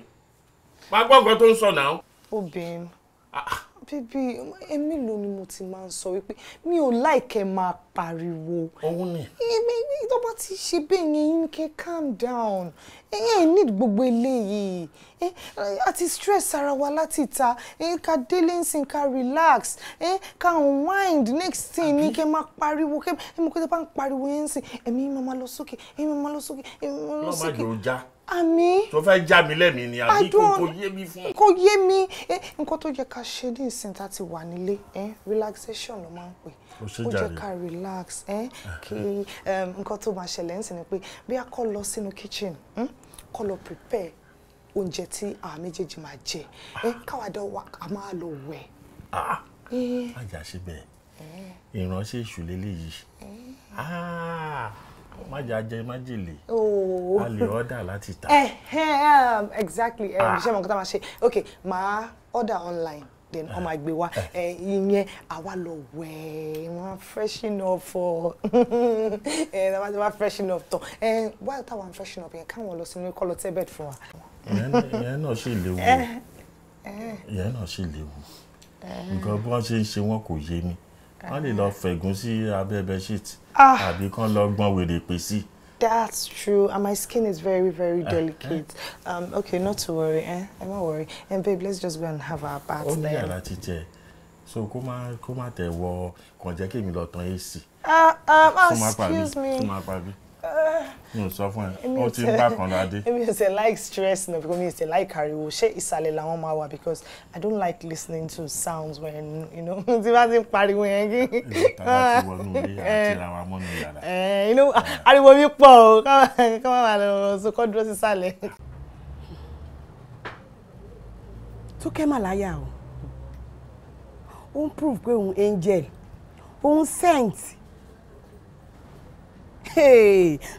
máa gbọ́ nǹkan tó ń sọ náà. obìnrin ah. bíbí èmi ló ni mo ti máa ń sọ wípé mi ò láìkẹ́ máa pariwo. òun ni. tó bá ti ṣe bẹ́ẹ̀ yẹn yín kẹ́ calm down ẹ̀yìn ẹ̀ need gbogbo eléyìí àti stress ara wa láti ta ká délé ń sìn ká relax ká unwind next thing ni kẹ́ máa pariwo kẹ́ ẹ̀ mọ̀ kó tẹ́ bá ń pariwo yẹn ń sìn ẹ̀mí máa lọ sókè ẹ̀mí máa lọ sókè ẹ̀mí máa lọ sókè. lọ́ọ́ máa jò já àmì. tó fẹ́ já mi lẹ́mìí ni àbí kò kò yé mi fún. kò yé mi nǹkan tó yẹ ká ṣe ní ìsìn tá a ti wà nílé relaxation ló máa ń pè ó jẹ́ ká relax kí nǹkan tó máa ṣẹlẹ̀ ń sìn ni pé bí a kọ́ lọ sínú kitchen hm, kọ́ lọ prepare oúnjẹ tí àwọn méjèèjì máa jẹ káwa dán wa a máa lọ wẹ̀. àjà ah, ah. ṣe bẹ́ẹ̀ ìránṣẹ́ ìṣù lélẹ́yìí má jà jẹ májèlé oh. a lè order láti ta. Eh, eh, um, exactly eh, ah. ṣé mo kọ́ tá a máa ṣe ok máa order online then wọ́n máa gbé wa ìyẹn àwa lọ wẹ̀ wọ́n freshen up for ẹ̀ ẹ̀ wọ́n freshen up tán ẹ̀ while táwọn freshen up yẹn káwọn lọ sínú kọ́ lọ tẹ́ bẹ́ẹ̀ fún wa. ìyẹn náà ṣì léwu ìyẹn náà ṣì léwu nǹkan bí wọ́n ṣe ń ṣe wọn kò yé mi wọ́n lè lọ fẹ̀gún sí abẹ́ bẹ́ẹ̀ Ah. àbí kán lọ gbọ́n wèrè pè sí. That's true, and my skin is very, very eh, eh. delicate. Um, okay, not to worry, eh? I'm not worried. Eh, and babe, let's just go and have our bath then. Ó ní yàrá jíjẹ, so kó má kó má tẹ̀ wọ kàn jẹ́ kí èmi lọ tan AC. Ah, um, excuse me mi ò sọ fún ẹ ó ti ń bá kan ládé. èmi ò ṣe like stress na because mi ò ṣe like ariwo ṣé ìsàlẹ̀ làwọn máa wà because i don't like listening to sounds when you know tí bá ti ń pariwo yẹn kí. ìgbà tá a ti wọnú ilé àti ra wa mọ́nú yàrá. Eh, eh, eh. ariwo mi pọ̀ o ká má máa lọ sọkọ́ tókẹ́ mà láyà o ó ń prove pé òun angel òun saint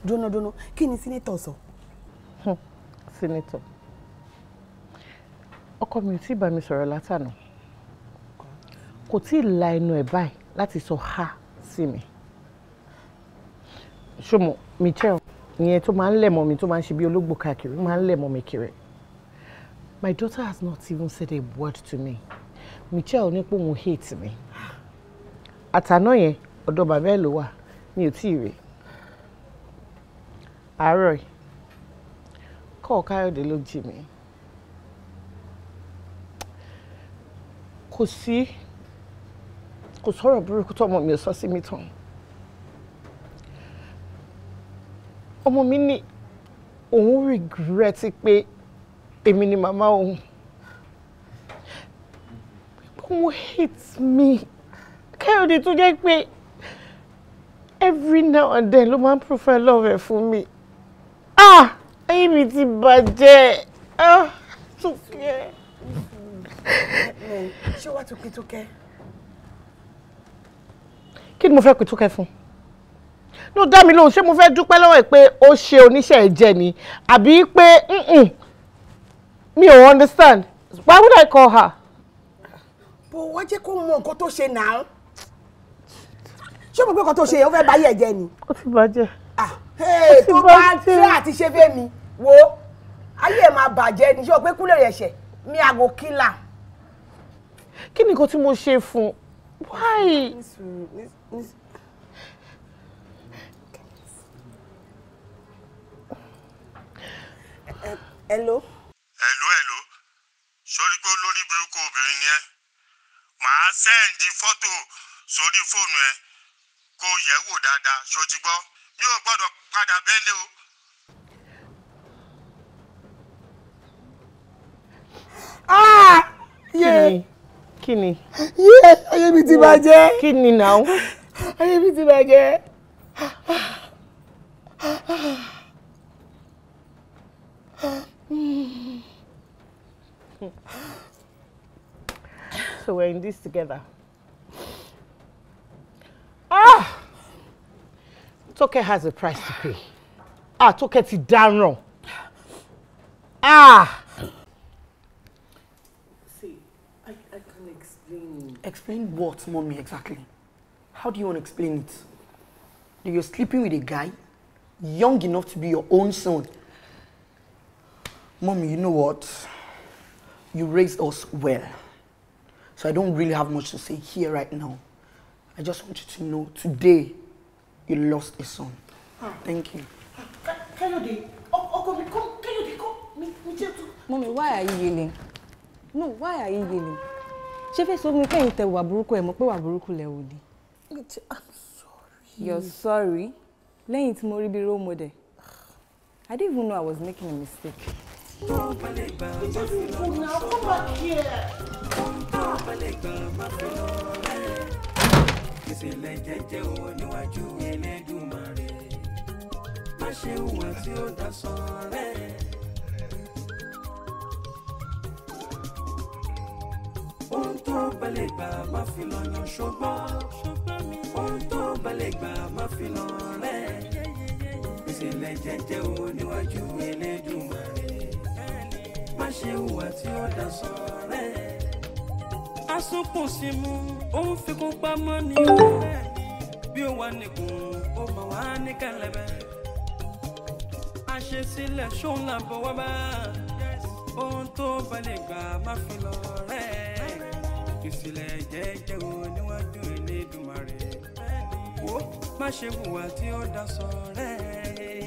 dúnádúná kí ni sínétọ̀ sọ. Hm, sínétọ̀ ọkọ mi ò tí ì bá mi sọ̀rọ̀ látànà kò tí ì la ẹnu ẹ̀ báyìí láti sọ ha sí mi ṣùgbọ́n michel ìyẹn tó máa ń lẹ̀ mọ́ mi tó máa ń ṣe bí ológbò káàkiri máa ń lẹ̀ mọ́ mi kiri my daughter has not even said a word to me michel ní pé òun hate me àtàná yẹn ọ̀dọ̀ bàbá ẹ̀ ló wà mi ò tí ì rèé àárọ̀ yìí kọ́ káyọ̀dé ló jì mí kò sí kò sọ̀rọ̀ burúkú tó ọmọ mi ò sọ sí mi tán ọmọ mi ní òun rìgírẹ́tì pé èmi ni màmá òun òun hate me káyọ̀dé tó jẹ́ pé every now and then ló máa ń prefer love ẹ̀ fún mi ah ayé mi ti bàjẹ́ ah tókẹ́. ṣé wàá tún pé tókẹ́. kí ni mo fẹ́ pé tókẹ́ fún ní o dá mi lóhùn ṣé mo fẹ́ dúpẹ́ lọ́wọ́ ẹ̀ pé ó ṣe oníṣẹ́ ẹ̀jẹ̀ ni àbí pé mi ò understand why would I call her. bò wá jẹ́ kó mọ nǹkan tó ṣe náà ṣé mo gbé nǹkan tó ṣe yẹn ó fẹ́ báyé ẹ̀jẹ̀ ni. ó ti bàjẹ́ tó bá tí àti ṣe fẹ́ mi wo ayé ẹ̀ máa bàjẹ́ ní sọ pé kúlẹ̀ rẹ̀ ṣẹ̀ mi àgò kílà. kí ni nǹkan tí mo ṣe fún why. hello. hello hello sórí pé olórí burúkú obìnrin ni ẹ e. màá sẹ́ǹdì fọ́tò sórí fóònù ẹ e. kó yẹ̀ wò dáadáa ṣojú gbọ́ mi ò gbọ́dọ̀ padà bẹ́lẹ̀ o. Ah! kí ni. yé ayé mi ti bàjẹ́. kí ni náà. ayé mi ti bàjẹ́. So we're in this together. Ah! Tókẹ́ has a price to pay. Ah, Tókẹ́ ti wrong. Ah! See, I, I can explain. Explain what, mommy, exactly? How do you want to explain it? That you're sleeping with a guy young enough to be your own son. Mommy, you know what? You raised us well. So I don't really have much to say here right now. I just want you to know today you lost a son. Ah. Thank you. Ah, Kayode, ọkọ mi, come, Kayode, come, mi, Me, me, tu. Mọ́mi, why are you yelling? No, why are you yelling? Ṣé fẹ́ sọ me kẹ́yìn you wà burúkú and mọ̀ pé wà burúkú I'm sorry. You're sorry? Lẹ́yìn tí mo be bí role model. I didn't even know I was making a mistake. No, you just come back here ṣẹlẹ̀ jẹ́jẹ́ o níwájú Elédùmarè má ṣe hùwà tí ó dá sọ́rẹ́. ohun tó balẹ̀ gbà má fi lọ yan ṣọgbọ́n ohun tó balẹ̀ gbà má fi lọ rẹ̀ ìṣẹ̀lẹ̀ jẹ́jẹ́ o níwájú Elédùmarè má ṣe hùwà tí ó dá sọ́rẹ́ asopọ̀simu ó ń fi kó pamọ́ ní ìlẹ̀ bí ó wà nìkún ó mà wá ní kẹlẹ́bẹ̀. àṣesílẹ̀ ṣóun là bọ̀ wá bá ohun tó balẹ̀ gbà má fi lọ rẹ̀. ìsìlẹ̀ jẹ́jẹ́ wo níwájú Elédùmarè wo má ṣe hùwà tí ó dá sọ rẹ̀.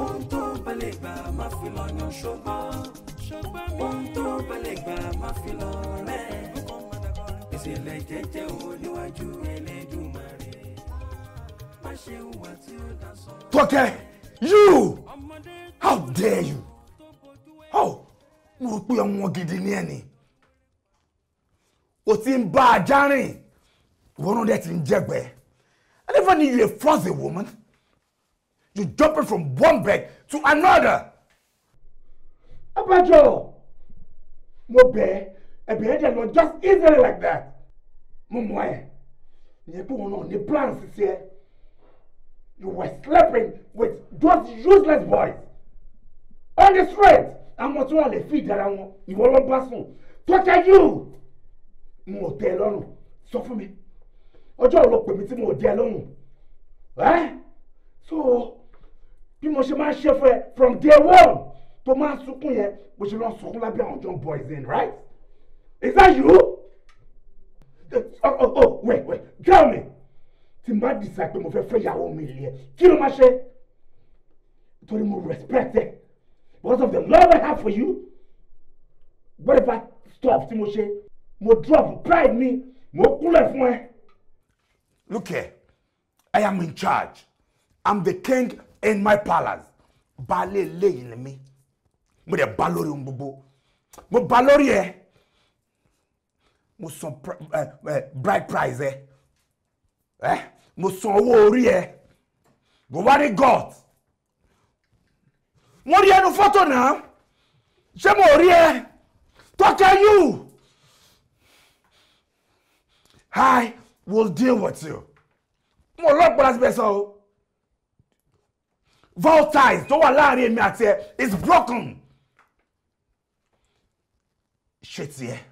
ohun tó balẹ̀ gbà má fi lọ yan ṣọgbọ́n ohun tó balẹ̀ gbà má fi lọ rẹ̀ ṣẹlẹ̀ jẹ́jẹ́ o níwájú Elédùmarè má ṣe hùwà tí ó dá sọ. tọkẹ you how dare you oh mo rò pé ọmọ gidi ní ẹni o ti ń bá ajá rìn ìwọ náà dẹ ti ń jẹgbẹ I never knew you a frozen woman you jumping from one bed to another. abájọ mo bẹ̀ ẹ́ ẹ̀bẹ̀ ẹ̀ dẹ̀ lọ just easily like that mọ̀mọ́ ẹ̀ ìyẹn pé òun náà ní plan sisi you were sleeping with those useless boys on the street I'm not wọ́n lè fi ìdára wọn ìwọ ló ń bá sùn torture you n ò tẹ́ ẹ lọ́rùn sọ fún mi ọjọ́ òru pè mí tí mo dẹ́ ẹ lọ́rùn ẹ́ so bí mo ṣe máa ṣe fún from day one to máa sunkún yẹn bó ṣe lọ sunkún lábẹ́ àwọn john boys Then right is that you oh oh oh wait wait tell me tí n bá decide pé mo fẹ́ fẹ́ ìyàwó mi lè kí ló máa ṣe torí mo respect ẹ because of the love I have for you what if I stop tí mo ṣe mo drop pride mi mo kúnlẹ̀ fún ẹ. look here I am in charge I'm the king in my palace baálé eléyìí ni mí mo dẹ̀ bá lórí ohun gbogbo mo bá lórí ẹ mo san eh, eh, bright price ẹ ẹ eh, mo san owó orí ẹ buhari god mo rí ẹnu fọ́tò náà ṣé mo rí ẹ tọ́kẹ́ you i will deal with you mo lọ́pọ̀ láti bẹ̀ sọ o voltage tó wà láàrin èmi àti ẹ is broken ṣe tiẹ̀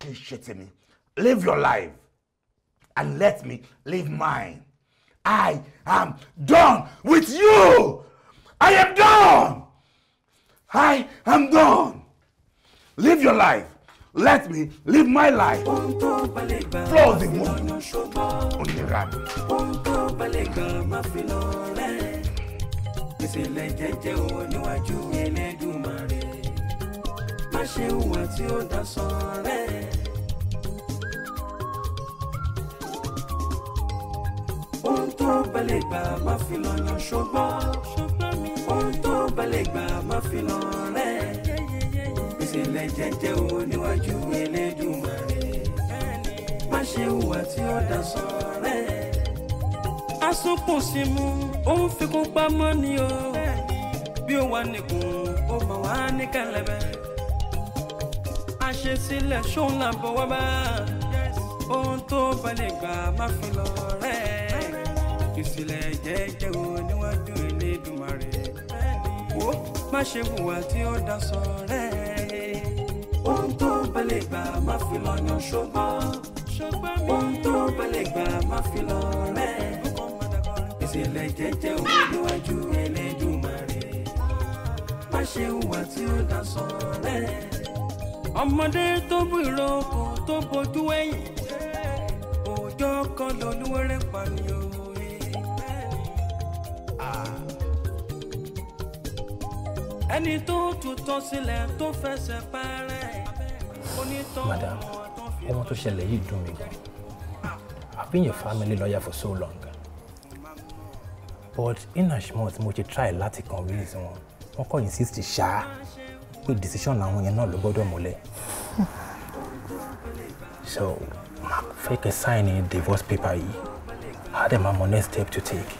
kí n live your life and let me live mine I am done with you I am done I am done live your life let me live my life flow the moon ìṣẹ̀lẹ̀ jẹ́jẹ́ o níwájú Elédùmarè má ṣe hùwà tí ó dá sọ rẹ̀. ohun tó balẹ̀ gbà má fi lọ yan ṣùgbọ́n ohun tó balẹ̀ gbà má fi lọ rẹ̀ ìṣẹ̀lẹ̀ jẹ́jẹ́ o níwájú Elédùmarè má ṣe hùwà tí ó dá sọ̀rẹ́. asopọ̀símù ó ń fi kó pamọ́ ni o bí ó wà nìkún ó bọ̀ wá ní kẹlẹ́bẹ̀ àṣesílẹ̀ ṣóun làbọ̀ wá bá ohun tó balẹ̀ gbà má fi lọ rẹ̀ ìsìlẹ̀ jẹ́jẹ́ o níwájú Elédùmarè wo má ṣe hùwà tí ó dá sọ̀rẹ́ ohun tó bẹ̀lẹ̀ gbà má fi lọ yan ṣùgbọ́n ohun tó bẹ̀lẹ̀ gbà má fi lọ rẹ̀ ìsìlẹ̀ jẹ́jẹ́ o níwájú Elédùmarè má ṣe hùwà tí ó dá sọ̀rẹ́ ọmọdé tó bú ìrókò tó bojú ẹ̀yìn òòjọ́ kan lolúwẹ́rẹ́ pànìyàn. ẹni tó tutọ́ sílẹ̀ tó fẹsẹ̀ parẹ́ onítọ̀ madam ohun tó ṣẹlẹ̀ yìí dùn mí gan I've been your family lawyer for so long but in as much mo ti try láti convince wọn wọn kọ́ insist ṣá pé decision làwọn yẹn náà ló gbọ́dọ̀ múlẹ̀ so ma fẹ́ kẹ́ sign in divorce paper yìí á dẹ̀ máa mọ step to take.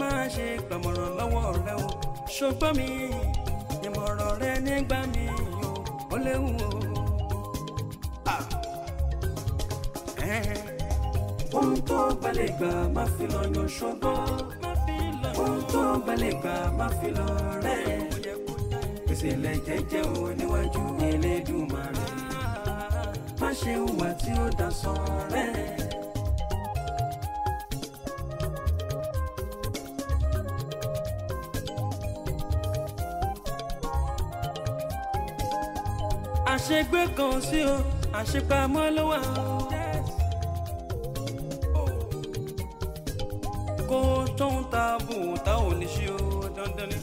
máa ṣe gbàmọ̀ràn lọ́wọ́ rẹ o ṣùgbọ́n mi ìmọ̀ràn rẹ nígbà mi o ó léwu o. ohun tó balẹ̀ gbà má fi lọ yan ṣùgbọ́n ohun tó balẹ̀ gbà má fi lọ rẹ̀ pèsè lẹ o níwájú Elédùmarè má ṣe hùwà tí ó dá sọ rẹ̀. àṣegbé kan sí o àṣepamọ́ ló wà o. kó sóhun tá a bù ò ní ṣe o dandan ni.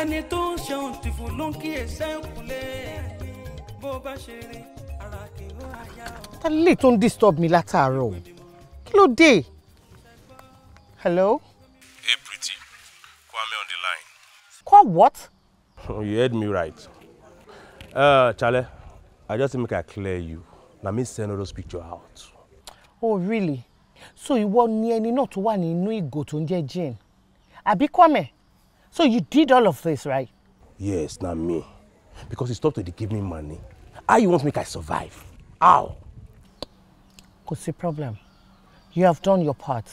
ẹni tó ń ṣeun tìfù ló ń kíyè sẹ́kùlé bó bá ṣe rí ara kì í àyà o. ta lè tó ń disturb mi látàárọ̀ kí ló dé? hello. hey pretty kwame on the line. kwa what? you heard me right. Uh, Charlie, I just make I clear you. Na me send all those pictures out. Oh, really? So you ni ẹni náà not one? nínú ìgò tó ń jẹ́ gin. Àbí Kwame? So you did all of this, right? Yes, not me. Because he stopped to give me money. How you want make I survive? How? Kò the problem. You have done your part.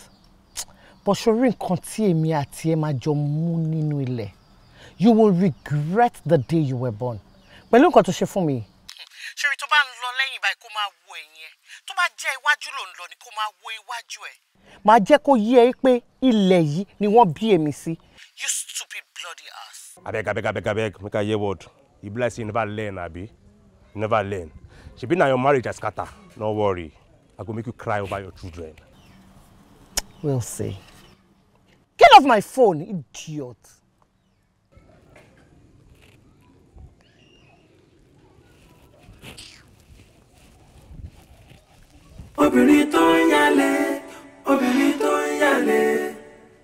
But ṣorí continue me èmi àti ẹ máa jọ You will regret the day you were born pẹ̀lú nǹkan tó ṣe fún mi. ṣeré tó bá ń lọ lẹ́yìn báyìí kó máa wo ẹ̀yìn ẹ tó bá jẹ́ iwájú ló ń lọ ni kó máa wo iwájú ẹ. màá jẹ́ kó yé ẹ pé ilẹ̀ yìí ni wọ́n bí èmi sí. you stupid bloody ass. abeg abeg abeg abeg make i hear word e be like say you never learn abi you never learn shebi na your marriage i scatter no worry i go make you cry over your children. we'll see. get off my phone idiot. obìnrin tó ń yálé obìnrin tó ń yálé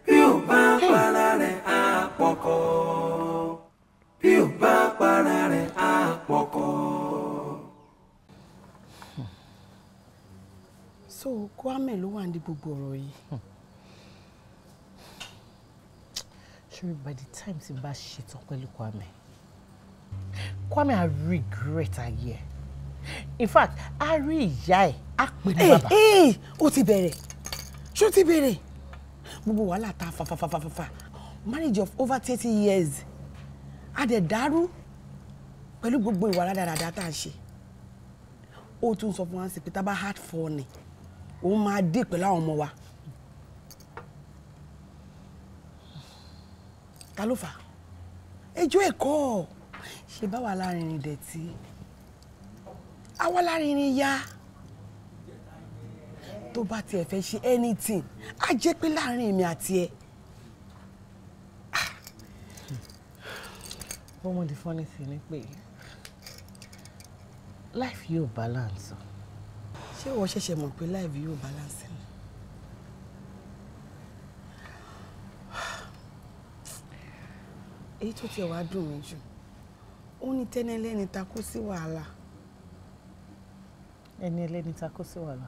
bí ò bá para rẹ̀ á pọkọ bí ò bá para rẹ̀ á pọkọ. so Kwame ló wà ní gbogbo ọ̀rọ̀ yìí ṣùgbọ́n by the time tí bá ṣetán pẹ̀lú Kwame Kwame I regret ayé ẹ̀ in fact a rí ìyá ẹ̀ á pè ní eh, bàbá. Eh, ó ti bẹ̀rẹ̀ ṣó ti bẹ̀rẹ̀ gbogbo wàhálà ta fafafafafa marriage of over thirty years a dẹ̀ dàrú pẹ̀lú gbogbo ìwà rádaràda tá a ṣe ó tún sọ fún wa sí pé tá a bá hard for ni òun máa dé pẹ̀lú àwọn ọmọ wa ta ló fà á ẹjọ́ ẹ̀kọ́ ṣe bá wà láàrin ìdẹ̀tí awọ́lárinrin ya tó bá tiẹ̀ fẹ́ ṣe anything á jẹ́ pé láàrin èmi àti ẹ. wọ́n ah. mú the funny thing ni pé life yóò balance. ṣé ìwọ ṣẹ̀ṣẹ̀ mọ̀ pé life yóò balance ni. èyí tó tiẹ̀ wá dùn mí jù ó ní tẹ́nẹ́lẹ́ni takú sí wàhálà ẹni ẹlẹ́ni ta kó sí wàhálà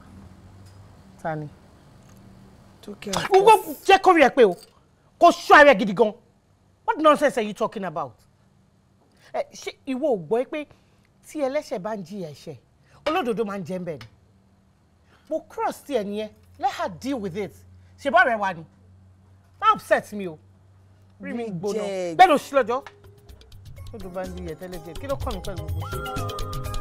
ta ni. tókè ah, jẹ́ kó rí ẹ pé o kò sọ ara ẹ gidi gan what nonsense are you talking about. ẹ ṣé ìwọ ò gbọ́ pé tí ẹlẹ́ṣẹ̀ bá ń jìyà ẹ̀ṣẹ̀ olódodo máa ń jẹ́ ń ni mo cross tí ẹ nìyẹn let her deal with it ṣe bá rẹ wa ni má upset mi o rí mi gbóná bẹ́ẹ̀ ló ṣí lọ́jọ́ lọ́dọ̀ bá ń jìyà tẹ́lẹ̀ jẹ kí ló kàn mí pẹ̀lú gbogbo ṣe.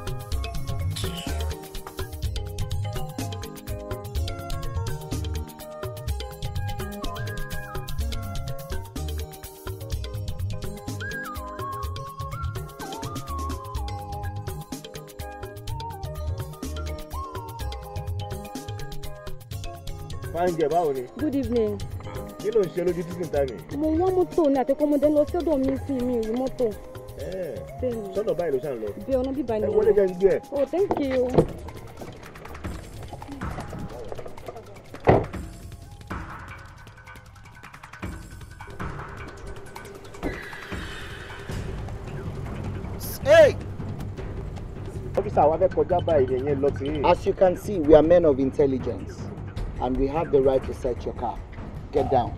Oúnjẹ báwo ni? Good evening. Kí ló ń ṣe lójú títì ta ni? Mo wá mọ́tò ni àtẹkọ́mọdé lọ sọ́dọ̀ mi sí mi ìrì mọ́tò. Eh, sọ́dọ̀ báyìí ló ṣàn lọ. Bí ọ̀nà bíbá ni. Ẹ wọlé jẹ́ ń ẹ. Oh, thank you. Hey! Officer, I have a báyìí ni ẹ̀yẹn As you can see, we are men of intelligence and we have the right to search your car. Get down.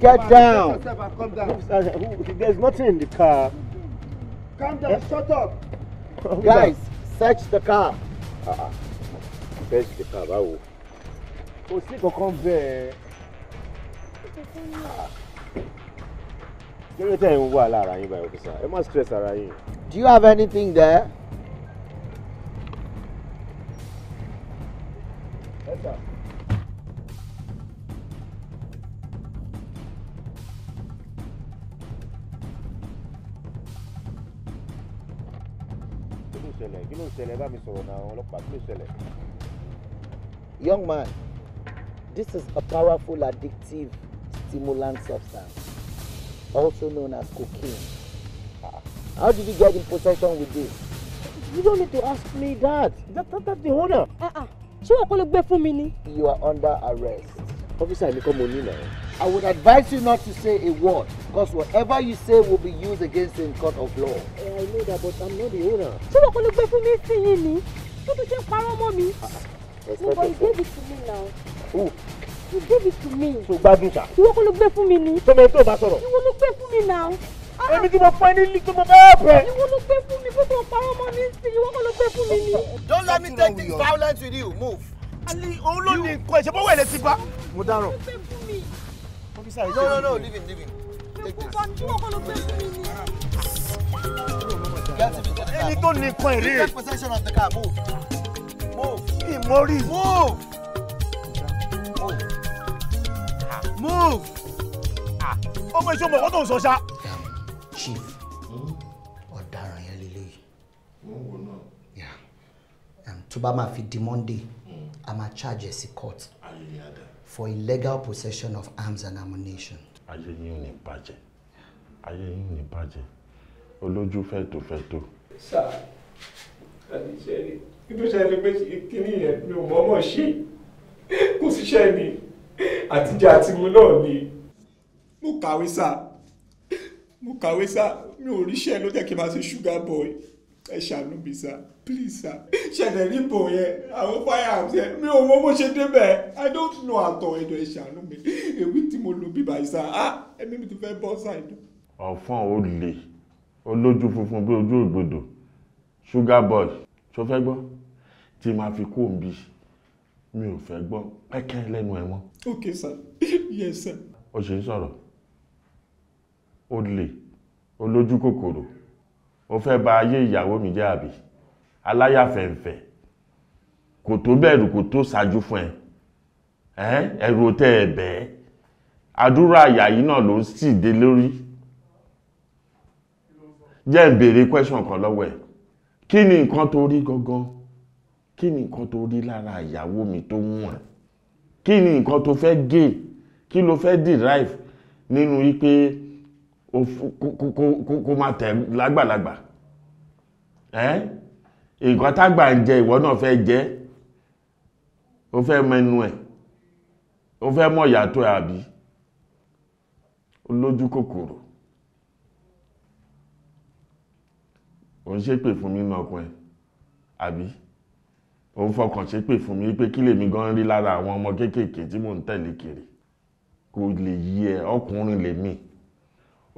Get down. There's nothing in the car. Calm down. Shut up. Guys, search the car. Ah, ah. Search the car. Báwo. Kò sí kankan bẹ́ẹ̀. Kí ló tẹ̀ ń wà lára yín báyìí, officer? Ẹ má stress ara yín. Do you have anything there? ṣẹlẹ̀ bá mi sọ̀rọ̀ náà àwọn ọlọ́pàá kí ló ṣẹlẹ̀. young man this is a powerful addictive stimulant substance also known as cocaine. How did you get in possession with this? You don't need to ask me that. that, that that's the order. Ah, ah. ṣé wọn kò lè gbé fún mi ni. You are under arrest. officer mi kọ́ mo ní náà. I would advise you not to say a word because whatever you say will be used against you in court of law. Yeah, I know that, but I'm not the owner. So wọ́n kọ́ ló gbé fún mi sí yín ni? Kí ló ṣe ń parọ́ mọ́ ah, ah, gave it to me now. Who? You gave it to me. Ṣo gbádùn ṣá? Ìwọ kọ́ look gbé fún mi ni. Tọ́mọ me tó bá sọ̀rọ̀. Ìwọ ló gbé fún mi now. Ah, Èmi tí mo fọ́ ní ilé tí mo You bẹ̀. Ìwọ ló gbé fún mi, bókò parọ́ mọ́ you sí, ìwọ kọ́ ló gbé ni. Don't let me take this violence with you, move. Ali, òun ló ní nǹkan ìṣẹ́bọ̀wẹ̀ lè ti gbá. Mo dáràn. Ìwọ ló gbé fún mi officer No, no, no, leave him, leave him. Get Ẹni tó ní nǹkan èrè. Take possession of the car, move. Move. Ìmọ̀rí. Move. Move. Move. Ọmọ ah. ìṣó mọ̀ kó tó ń Chief, ọ̀daràn yẹn lélẹ́yìí. Wọ́n wò náà. Um, tó bá máa fi di Monday, a máa charge ẹ̀ sí court. Ayẹyẹ Adá for illegal possession of arms and ammunition. ayé yín ò ní bàjẹ́ ayé yín ò ní bàjẹ́ olójú fẹ́tò fẹ́tò. sá àti ìṣẹ́ni nítorí ẹni pé kíní yẹn mi ò mọ́mọ́ ṣe kò síṣẹ́ ni àtijọ́ àti mu náà ni. mo kàwé sá mo kàwé sá mi ò ríṣẹ́ ló jẹ́ kí n máa ṣe ṣúgà bọ̀ ẹ̀ ṣàánú mi sá please sir ṣẹlẹ̀ rí bò yẹn àwọn fire arms yẹn mi ò mọ bó ṣe débẹ̀ i don't know àtọ̀ ẹ̀dọ̀ ìṣàánú mi èmi tí mo lò bíbá ìṣá ah ẹ̀mí mi ti fẹ́ bọ́ ṣáìdù. ọ̀fọ́n ò lè olójú funfun bí ojú ògbòdò sugar boy ṣó fẹ́ gbọ́ tí màá fi kó òǹbí mi ò fẹ́ gbọ́ pẹ́kẹ́ lẹ́nu ẹ̀ mọ́. ok sir yes sir. ó ṣe ń sọ̀rọ̀ ó lè olójú kòkòrò ó fẹ́ bà ayé ìyàwó mi jẹ́ àbí aláyàfẹ̀ǹfẹ̀ kò tó bẹ̀rù kò tó ṣáájú fún ẹ ẹ̀rù tẹ́ ẹ bẹ́ẹ̀ àdúrà àyà yìí náà ló ń sì dé lórí jẹ́ ń béèrè question kan lọ́wọ́ ẹ̀ kí ni nǹkan tó rí gangan kí ni nǹkan tó rí lára ìyàwó mi tó mú ẹ̀ kí ni nǹkan tó fẹ́ gain kí ló fẹ́ derive nínú wípé kó má tẹ̀ lágbàlagbà nǹkan tágbà ń jẹ ìwọ náà fẹ́ jẹ ó fẹ́ mẹnu ẹ̀ ó fẹ́ mọ̀ yàtọ̀ àbí olójú kòkòrò ò ń ṣépè fún mi náà ọkùnrin àbí ò ń fọkàn ṣépè fún mi pé kí lèmi gan rí lára àwọn ọmọ kéékèèké tí mò ń tẹ̀lé kiri kò lè yí ẹ ọkùnrin lèmi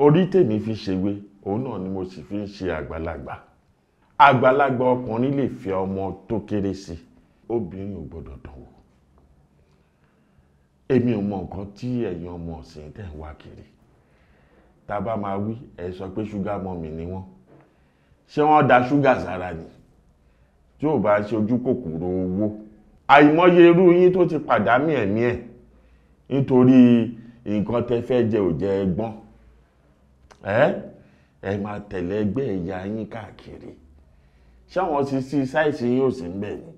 orí tèmi fi ṣèwe òun náà ni mo sì fi ń ṣe àgbàlagbà àgbàlagbà ọkùnrin lè fẹ́ ọmọ tó kéré sí obìnrin ò gbọ́dọ̀ dánwò èmi ò mọ nǹkan tí ẹ̀yin ọmọ ọ̀sìn tẹ̀ ń wá kiri tá a bá máa wí ẹ sọ pé ṣúgà mọ́mì ni wọ́n ṣé wọ́n da ṣúgà sára ni tí ò bá ṣe ojú kòkòrò owó àìmọye irú yín tó ti pàdánù ẹ̀mí ẹ̀ nítorí nǹkan tẹ́ fẹ́ jẹ ò jẹ ẹgbọ́n ẹ ẹ máa tẹ̀lé ẹgbẹ́ ẹ̀yà yín káàkiri ṣáwọn ti sí sáìsì yóò sì ń bẹ̀ ni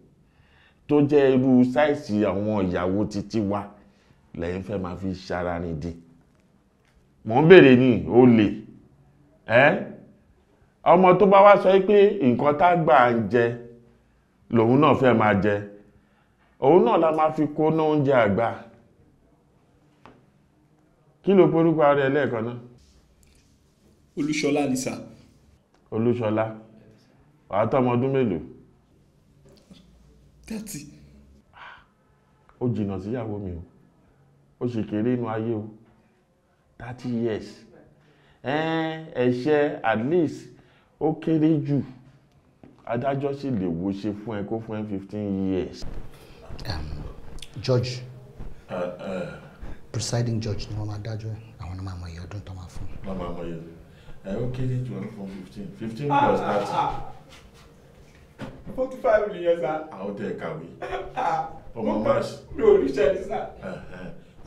tó jẹ́ irú sáìsì àwọn ìyàwó títí wa lẹ́yìn fẹ́ máa fi ṣara ni di mò ń bèrè ni ó lè ẹ́ ọmọ tó bá wá sọ pé nǹkan tá gbà ń jẹ lòun náà fẹ́ máa jẹ òun náà la máa fi kó oúnjẹ àgbà kí ló porúkọ ara lẹ́ẹ̀kan náà olúṣọlá nìsà olúṣọlá wàá ọdún mélòó. thirty. ó jìnnà síyàwó mi o ó ṣe kéré inú ayé o thirty years ẹ̀ṣẹ̀ at least ó kéré jù adájọ́ sì lè wo ṣe fún ẹ kó fún ẹ fifteen years. Um, judge uh, uh, presiding judge ni wọ́n máa dájọ́ àwọn ọmọ àmọye ọdún tó máa fún. ọmọ àmọye ẹ ó kéré jù ọdún fún fifteen fifteen ah, plus ah, thirty. Ah forty five nìyẹn sá. àwọn tẹ kàwé ọmọ ah, mars. mi ò ríṣẹ́ ní sá.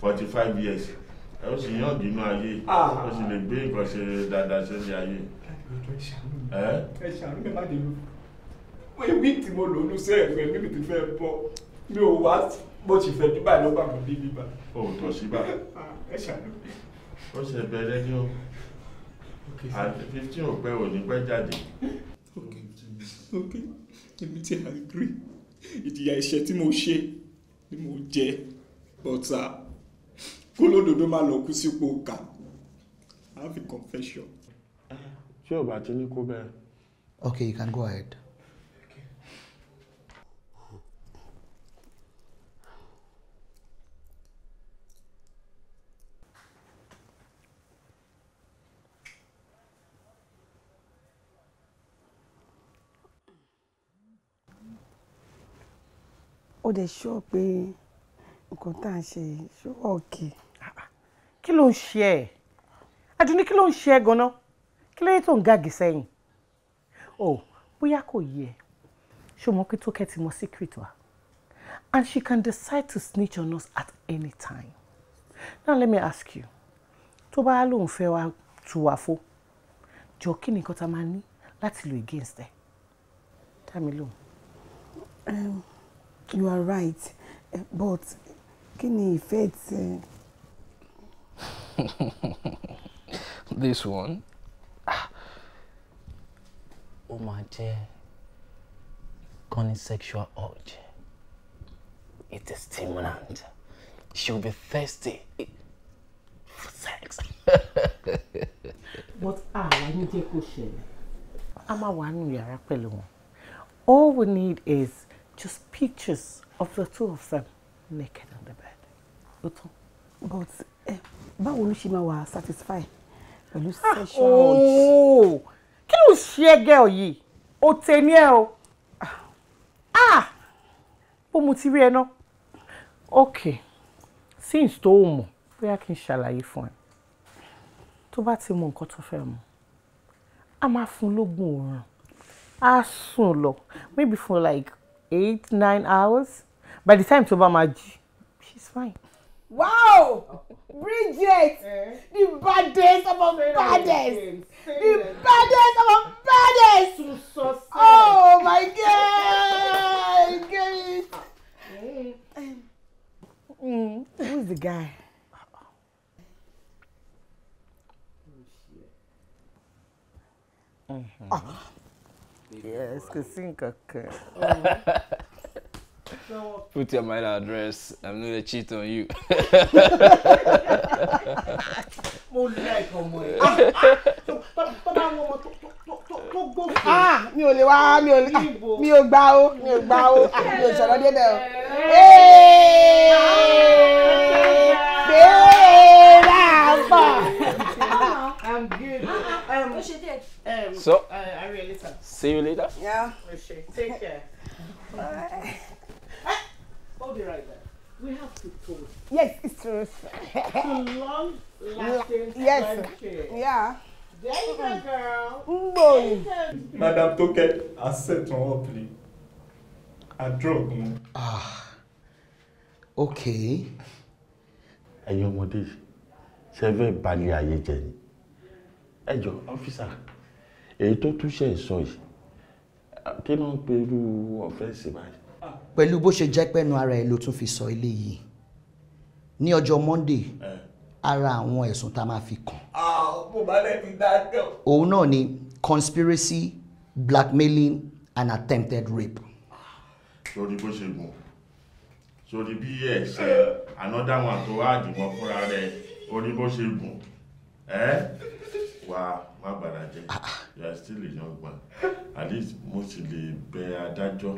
forty five years ẹ ó sì yàn jùlọ ayé ah. ó sì lè gbé nǹkan ṣe dáadáa ṣe ní ayé. ẹ ṣàánú mi má dé lu ewì tí mo lò lù sẹ́ẹ̀ rẹ̀ níbi tí fẹ́ bọ́ mi ò wá bó ti fẹ́ dúbà ló bá mi bí bíbá. o ò tọ́ sí bá. Ah, ẹ ṣàánú mi. ó ṣe bẹ̀rẹ̀ ní o fifteen ò pẹ́ ò ní jáde. okay okay èmi ti àgírí ìdìyà ìṣẹ́ tí mo ṣe ni mo jẹ bọ́tà uh, kó lódodo máa lọ kú sípò kà i have a confession. ṣé ò bá ti ní kó bẹ́ẹ̀. okay you can go ahead. ó dẹ̀ ṣọ́ pé nǹkan tá à ń ṣe ṣó ọ̀kẹ́. kí ló ń ṣe ẹ́ Àdùnní kí ló ń ṣe ẹ́ gan-an kí lóye tó ń gàgì sẹ́yìn o bóyá kò yẹ ṣó mọ̀ pé Tókẹ́ ti mọ secret wa and she can decide to snitch on us at any time now let me ask you tó bá lóun fẹ́ wa tu wa fó jọ kí ni nǹkan tá a máa ní láti lo against ẹ dá mi lóhùn you are right eh, but kí ni ìfẹ́ ti. this one ah. ó máa jẹ́ conning sexual urge it is stimulant she will be thirsty for sex. but àwa ní jẹ́ kó ṣẹlẹ̀. a máa wà nù yàrá pẹ̀lú wọn all we need is just pictures of the two of them naked on the bed. ó tán but eh, báwo ló ṣe máa wà satisfy pẹ̀lú ah, sexual urge. Oh, kí ló ṣe é gẹ́ọ̀ yìí ó tẹ ní ẹ o ah, ah, bó mo ti rí ẹ náà ok since tó o mọ̀ bóyá kí n ṣàlàyé fún ẹ tó bá ti mọ nǹkan tó fẹ́ mu a máa fún lóògùn oorun a sùn lọ maybe for like eight nine hours by the time tó bá máa she's fine. wow Bridget the baddest of our baddest the baddest of our baddest oh my god get it. Mm. Who's the guy? Oh, mm-hmm. Oh yes kò sí Put your mind address. I'm not a cheat on you. Mo like ọmọ ẹ̀. Bàbá àwọn ọmọ tó gbófin. Mi ò lè wá mi ò lè mi ò gbà ó mi ò gbà ó mi ò sọ̀rọ̀ débẹ̀ o. Béèrè àpọ̀. I'm good. Um, um, so, uh, I will later. See you later. Yeah. Oh, Take care. Bye. Ah! I'll be right there. We have to talk. Yes, it's true. to long lasting yes. friendship. Yeah. There you go, girl. Boy. Madame Madam Toke has set on up, I drug him. Ah. Okay. Ẹ̀yin ọmọdé, ṣe fẹ́ balẹ̀ ayé jẹ ẹ jọ èyí tó túṣe ìsọ yìí kí ló ń pe irú ọ̀fẹ́ǹsì báyìí. pẹ̀lú bó ṣe jẹ́ pẹ́nu ara ẹ̀ ló tún fi sọ eléyìí ní ọjọ́ Monday ara àwọn ẹ̀sùn tá a máa fi kàn. òun náà ni conspiracy blackmailing and attempted rape. lórí bó ṣe gùn sórí bí ẹ ṣe another one tó wá dìbọn fúnra rẹ̀ orí bó ṣe gùn wa má bàrà jẹ́ you are still a young at least mo sì lè bẹ adájọ́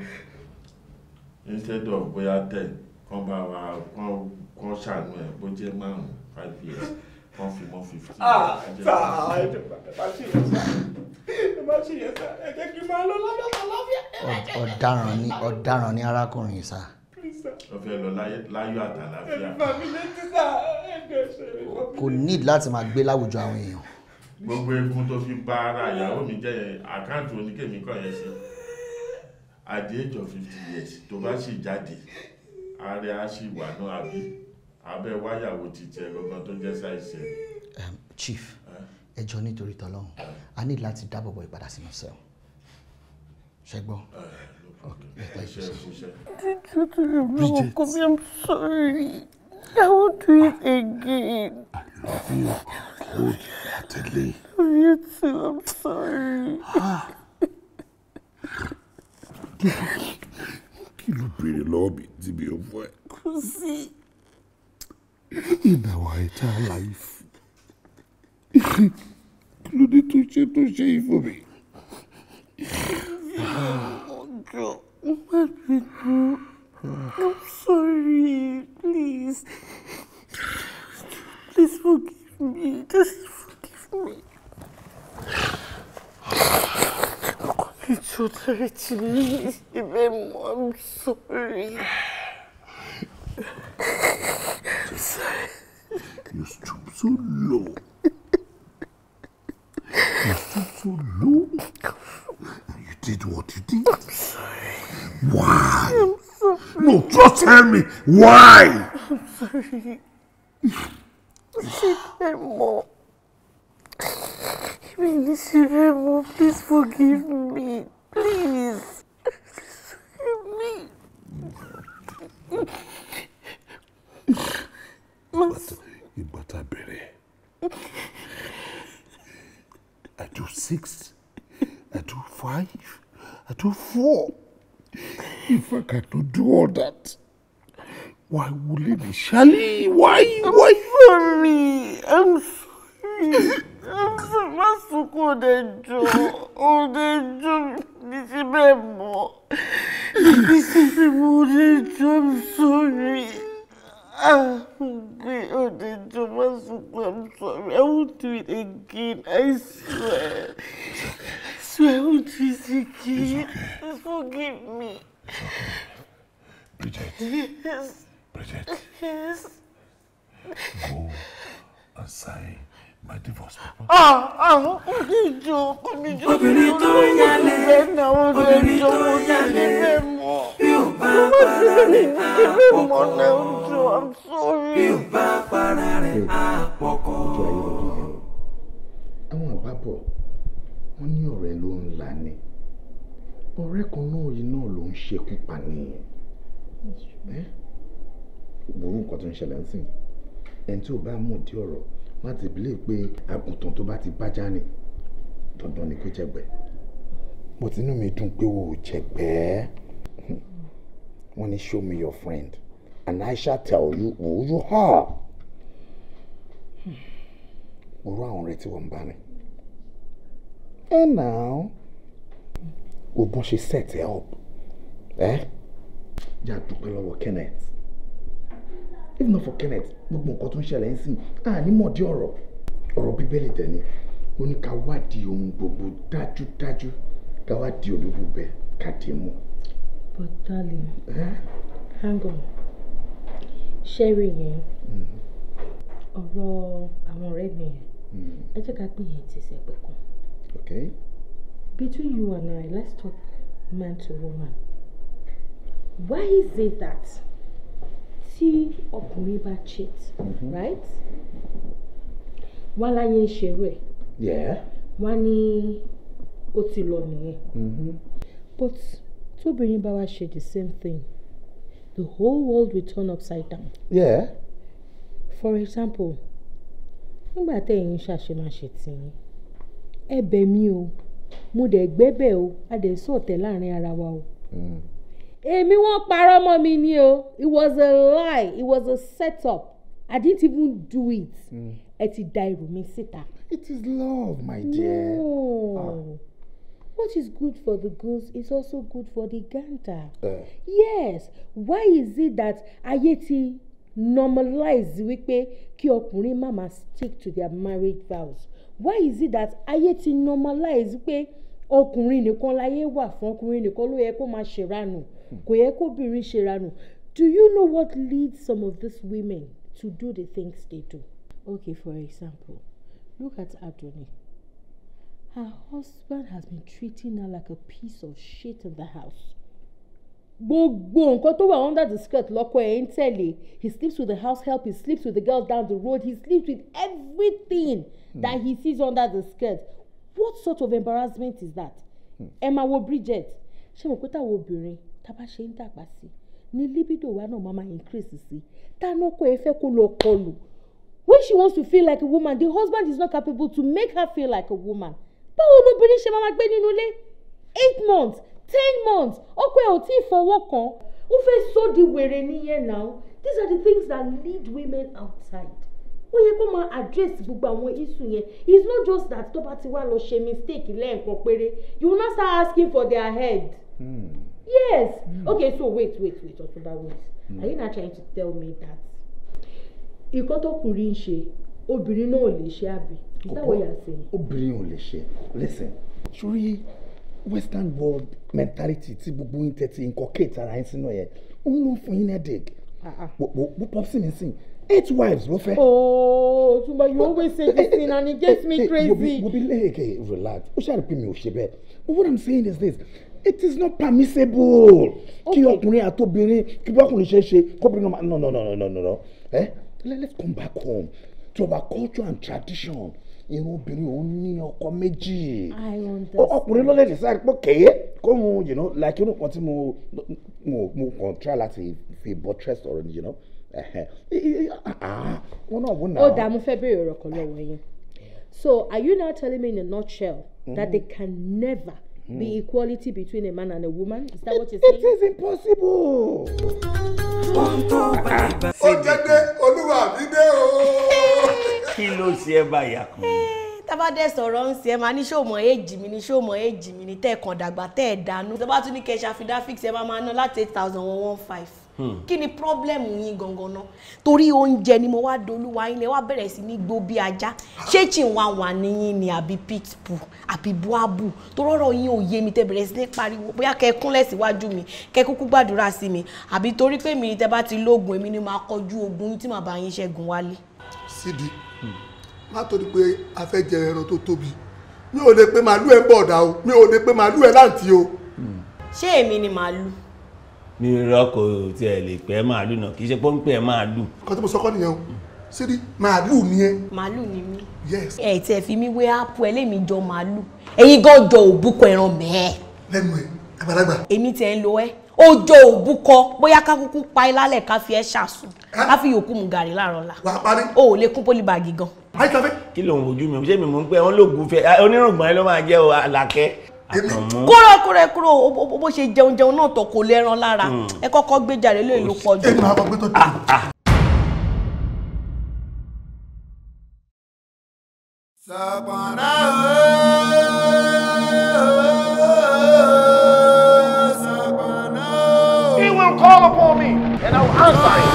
instead of bóyá tẹ̀ kán bá wa kán ṣàánú ẹ̀ bó jẹ́ márùn five years kán fi mọ́ fifteen. ah sáà ah, ẹ má ṣe yẹn sáà ẹ má ṣe yẹn sáà ẹ jẹ́ kí n máa lọ lọ́dọ̀ lọ́fíà. ọ̀daràn ni ọ̀daràn ni arákùnrin sá ọfẹ lọ láyọ̀ àtàlàfíà. kò ní láti máa gbé láwùjọ àwọn èèyàn gbogbo egun tó fi ba ara ìyàwó mi jẹ́ yẹn àkáǹtì oníkèmí kàn yẹn sí at the age of fifty years tó bá sì jáde ààrẹ á sì wà náà àbí abẹ́ wáyàwó ti tiẹ̀ tó jẹ́ sáìsì chief ẹjọ́ nítorí tọ́lọ́run a ní láti dáàbò bo ìpadà sínú sẹ́wọ̀n ṣẹ́gbọ́n. Bridget. Bridget. I won't do it again. I love you. Wholeheartedly. I love you too. I'm sorry. Kí ló béèrè lọ́wọ́ mi tí mi ò fọ́ ẹ? In our entire life. Kí ló to tó to tó ṣe yìí fún mi? Ọjọ́, mo máa ń gbẹ̀gbọ́. I'm sorry, please. Please forgive me. Just forgive me. It's Hiç otur içimini istemem. I'm sorry. You're too so low. You're too so low. You did what you did. I'm sorry. Why? I'm so no, just tell me why. I'm sorry. Shikemo. Baby Shikemo, please forgive me. Please. Please forgive me. Ìgbà tá a bẹ̀rẹ̀. I do six. I do five. I do four. If I cannot do all that, why will it be Shali? Why? I'm why? Sorry. I'm sorry. I'm sorry. Má sunkún ọ̀dẹ̀jọ́. ọ̀dẹ̀jọ́ ní ti bẹ́ẹ̀ mọ́. Ní ti bẹ́ẹ̀ mọ́ ọ̀dẹ̀jọ́. I'm sorry. Ah, ọ̀dẹ̀jọ́ má sunkún. I'm sorry. I won't do it again. I swear. I swear I won't do it again. Just forgive me. Bridget. Yes. Bridget. Yes. Go and sign my divorce paper. Ah, ah, ojo, ojo. Obìnrin tó ń yálé, obìnrin tó ń yálé, yóò bá para rẹ̀ àpọ̀kọ̀. Yóò bá para rẹ̀ àpọ̀kọ̀. Àwọn àbábọ̀, wọ́n ní ọ̀rẹ́ ló ń là ní ọ̀rẹ́ kan náà yìí náà ló ń ṣekú pa ni burú nǹkan tó ń ṣẹlẹ̀ ń sìn ẹni tí ò bá mọ̀ dí ọ̀rọ̀ má ti bílẹ̀ pé àgùntàn tó bá ti bájá ni dandan ni kó jẹ̀gbẹ́ mo tinú mi dùn pé o ò jẹ̀gbẹ́ wọ́n ní show me your friend and I shall tell you who you are orú àwọn retí wọn bá mi. ẹ náà wo bọ́n ṣe set ẹ up eh? ẹ yà dúpẹ́ lọ́wọ́ Kenneth if not for Kenneth gbogbo nǹkan tó ń ṣẹlẹ̀ ń sìn àní mọ̀dí ọ̀rọ̀ ọ̀rọ̀ bíbélì tẹ̀lé ó ní ká wádìí ohun gbogbo dájúdájú ká wádìí olúwo bẹ́ẹ̀ ká dé mú. but darling eh? hang on ṣẹ́rí yẹn mm-hmm. ọ̀rọ̀ àwọn ọ̀rẹ́ mi yẹn mm-hmm. ẹ jẹ́ ká pè yẹn ti sẹ́gbẹ̀ẹ́ kan. okay between you and I, let's talk man to woman. Why is it that tí ọkùnrin bá cheat, mm-hmm. right? Wọ́n láyé ń ṣerú ẹ̀. Wọ́n ní ó ti lọ nìyẹn. Mm-hmm. But tóbìnrin bá wá ṣe the same thing, the whole world will turn upside down. Yeah. For example, nígbà tẹ̀yin ṣàṣemáṣe tiyín, ẹ bẹ̀ mí o mo dẹ̀ gbébẹ̀ o a dẹ̀ sọ̀tẹ̀ láàrin ara wa o. Mm. èmi wọ́n parọ́ mọ́ mi ni o it was a lie it was a set up I didn't even do it mm. ẹ ti da irun mi síta. it is love my dear. no ah. what is good for the goose is also good for the gander. Uh. yes why is it that ayé ti normalize wípé kí ọkùnrin má máa stick to their marriage vows why is it that ayé ti normalize pé ọkùnrin nìkan láyé wà fún ọkùnrin nìkan ló yẹ kó máa ṣèrànù kò yẹ kóbìnrin ṣèrànù do you know what leads some of these women to do the things they do? okay for example look at Adoni her husband has been treating her like a piece of shit in the house gbogbo nǹkan tó wà under the skirt lọ́kọ ẹ̀ ń tẹ̀lé he sleeps with the house help he sleeps with the girls down the road he sleeps with everything mm. that he sees under the skirt what sort of embarrassment is that hmm. ẹ máa wo Bridget ṣé mo pé táwọn obìnrin tá a bá ṣe ń dàgbà sí ni libido wa náà máa máa increase sí táwọn ọkọ ẹ fẹ́ kó lọ kọlù when she wants to feel like a woman the husband is not capable to make her feel like a woman báwo lobìnrin ṣe máa máa gbé nínú ilé eight months ten months ọkọ ẹ ò tí ì fọwọ́ kan ó fẹ́ sọ di wèrè nìyẹn now these are the things that lead women outside ó yẹ kó máa address gbogbo àwọn issue yẹn it's not just that tó bá ti wá lọ ṣe mistake lẹ́ẹ̀kan péré you will not start asking for their head. Mm. yes mm. okay so wait wait wait Ọ̀túnba wait mm. are you not trying to tell me that ìkọ́ tó kùnrin ń ṣe obìnrin náà ò lè ṣe àbí is that what you are saying. obìnrin ò lè ṣe listen sórí western world mentality tí gbogbo yín tẹ̀ ti inculcate ara yín sínú ẹ̀ òun ló ń fún yín headache wò pọ́psì mi sìn eight wives ló fẹ́. ooo Tumba you always say this thing and it gets me eh, eh, eh, crazy. wo bi leke relax ó ṣàrìpín mi ò ṣe bẹ́ẹ̀ but what i'm saying is this it is not permissible kí ọkùnrin àtobìnrin kí bí ọkùnrin ṣe ṣe kóbìnrin náà no no no no no no eh let's come back home to our culture and tradition irun obìnrin òun ní ọkọ méjì ọkùnrin ló lè decide pé kéé kóhun you know like irun kan tí mo mo mo kàn try láti fi buttress ọ̀rọ̀ ni you know ah, wọn náà wọn náà. ó dààmú fẹ́ béèrè ọ̀rọ̀ kan lọ́wọ́ yẹn so are you now telling me in a nutshell mm-hmm. that they can never mm-hmm. be equality between a man and a woman? Is that it, what you're saying? It is impossible. ó jẹ́ dé olúwa mi dé o. kí ló ṣe ẹ́ báyà kan. Eh, tábàdé sọ̀rọ̀ ń ṣe ẹ máa ní ṣòmọ̀ èjì mi ní ṣòmọ̀ èjì mi ní tẹ̀kàn dàgbà tẹ̀ dànù tó bá tún ní kẹ́ ṣàfidá fix ẹ máa ná láti eight thousand one one five. Hmm. kí ni pírọ́blẹ́mù yín gangan náà torí oúnjẹ ni mo wá dolúwa yín lẹ wá bẹ̀rẹ̀ sí ní gbó bí ajá ṣé Chinwanwa níyìn ni àbí pitbull àbí buabu tó rọ̀rọ̀ yín ò yé mi tẹ bẹ̀rẹ̀ sí ní pariwo bóyá kẹ kúnlẹ̀ síwájú mi kẹ kúkú gbàdúrà sí mi àbí torí pé mi tẹ bá ti lóògùn èmi ni màá kọjú ogun tí màá bá yín ṣẹ́gun wálé. sídi má torí pé a fẹ́ jẹ ẹran tó tóbi mi ò lè pé màálù ẹ̀ bọ̀dà o mi ò lè pé màálù ẹ̀ láǹtì o. ṣé èmi ni màálù? mi rọ́kò tí ẹ lè pẹ́ màálù náà kì í ṣe pọ́ńpẹ́ màálù. kọ́tí mo sọ́kọ́ nìyẹn o sídi màálù ni ẹ. màálù ni mí. yes. ẹ tí ẹ fi mí wé ápù ẹ lémi jọ màálù ẹyin gan jọ òbúkọ ẹran mẹ́ẹ̀. lẹ́nu ẹ àgbàlagbà. èmi tẹ̀ ń lo ẹ́ ọjọ́ òbúkọ bóyá ká kúkú pa ẹ lálẹ́ ká fi ẹ ṣàṣù ká fi yòókù mu gàrí láàárọ̀ la. wà á parí. o ò lè kún pólí bàgì gan. àyíká fẹ́. kí lòun ojú mi ṣé mi mò ń wọn lóògùn fẹ́ onírùngbọ̀n ẹ ló máa jẹ́ o kúrò kúrò kúrò bó ṣe jẹun jẹun náà tó kò lẹ́ran lára hmm. ẹ kọ́kọ́ gbé jàre lóye ló pọ̀ jù. Ah, ah. He will call upon me and I will answer him.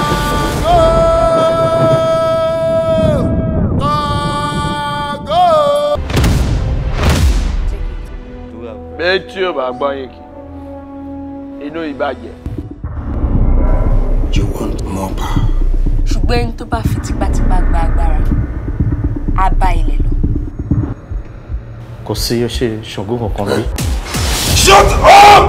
etí ò bá gbọ́ yín kì inú you want more power. ṣùgbọ́n ẹni tó bá fi tipátipá gba agbára á bá ilẹ̀ lọ. kò sí ó ṣe ṣògùn kankan bí. shut up.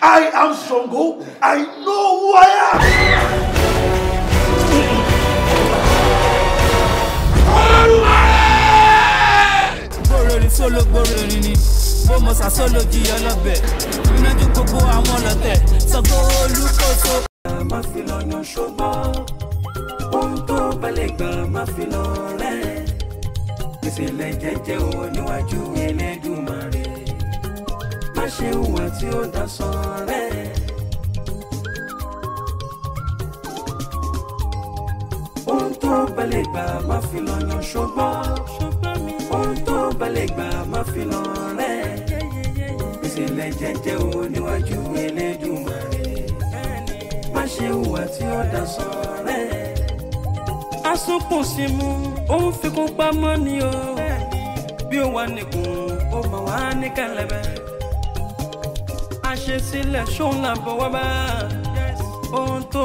I am Songo. I know who I am. sólógbòrò rìn ni bó mo sàsólò jiyọ lọ́bẹ̀ inájú gbogbo àwọn ọlọ́tẹ̀ Ṣàngó Olúkòso. má fi lọ yan ṣùgbọ́n ohun tó balẹ̀ gbà má fi lọ rẹ̀ ìṣẹ̀lẹ̀ jẹ́jẹ́ o níwájú Elédùmarè má ṣe hùwà tí ó dá sọ́rẹ́. ohun tó balẹ̀ gbà má fi lọ yan ṣùgbọ́n ohun tó balẹ̀ gbà má fi lọ rẹ̀ ìṣẹ̀lẹ̀ jẹ́jẹ́ o níwájú Elédùmarè má ṣe hùwà tí ó dá sọ̀rẹ́. asopọ̀ sí mu òun fi kún pamọ́ ni o bí ó wà nìkún ó mà wá ní kẹlẹ́bẹ̀. àṣesílẹ̀ ṣóun làbọ̀ wá bá ohun tó.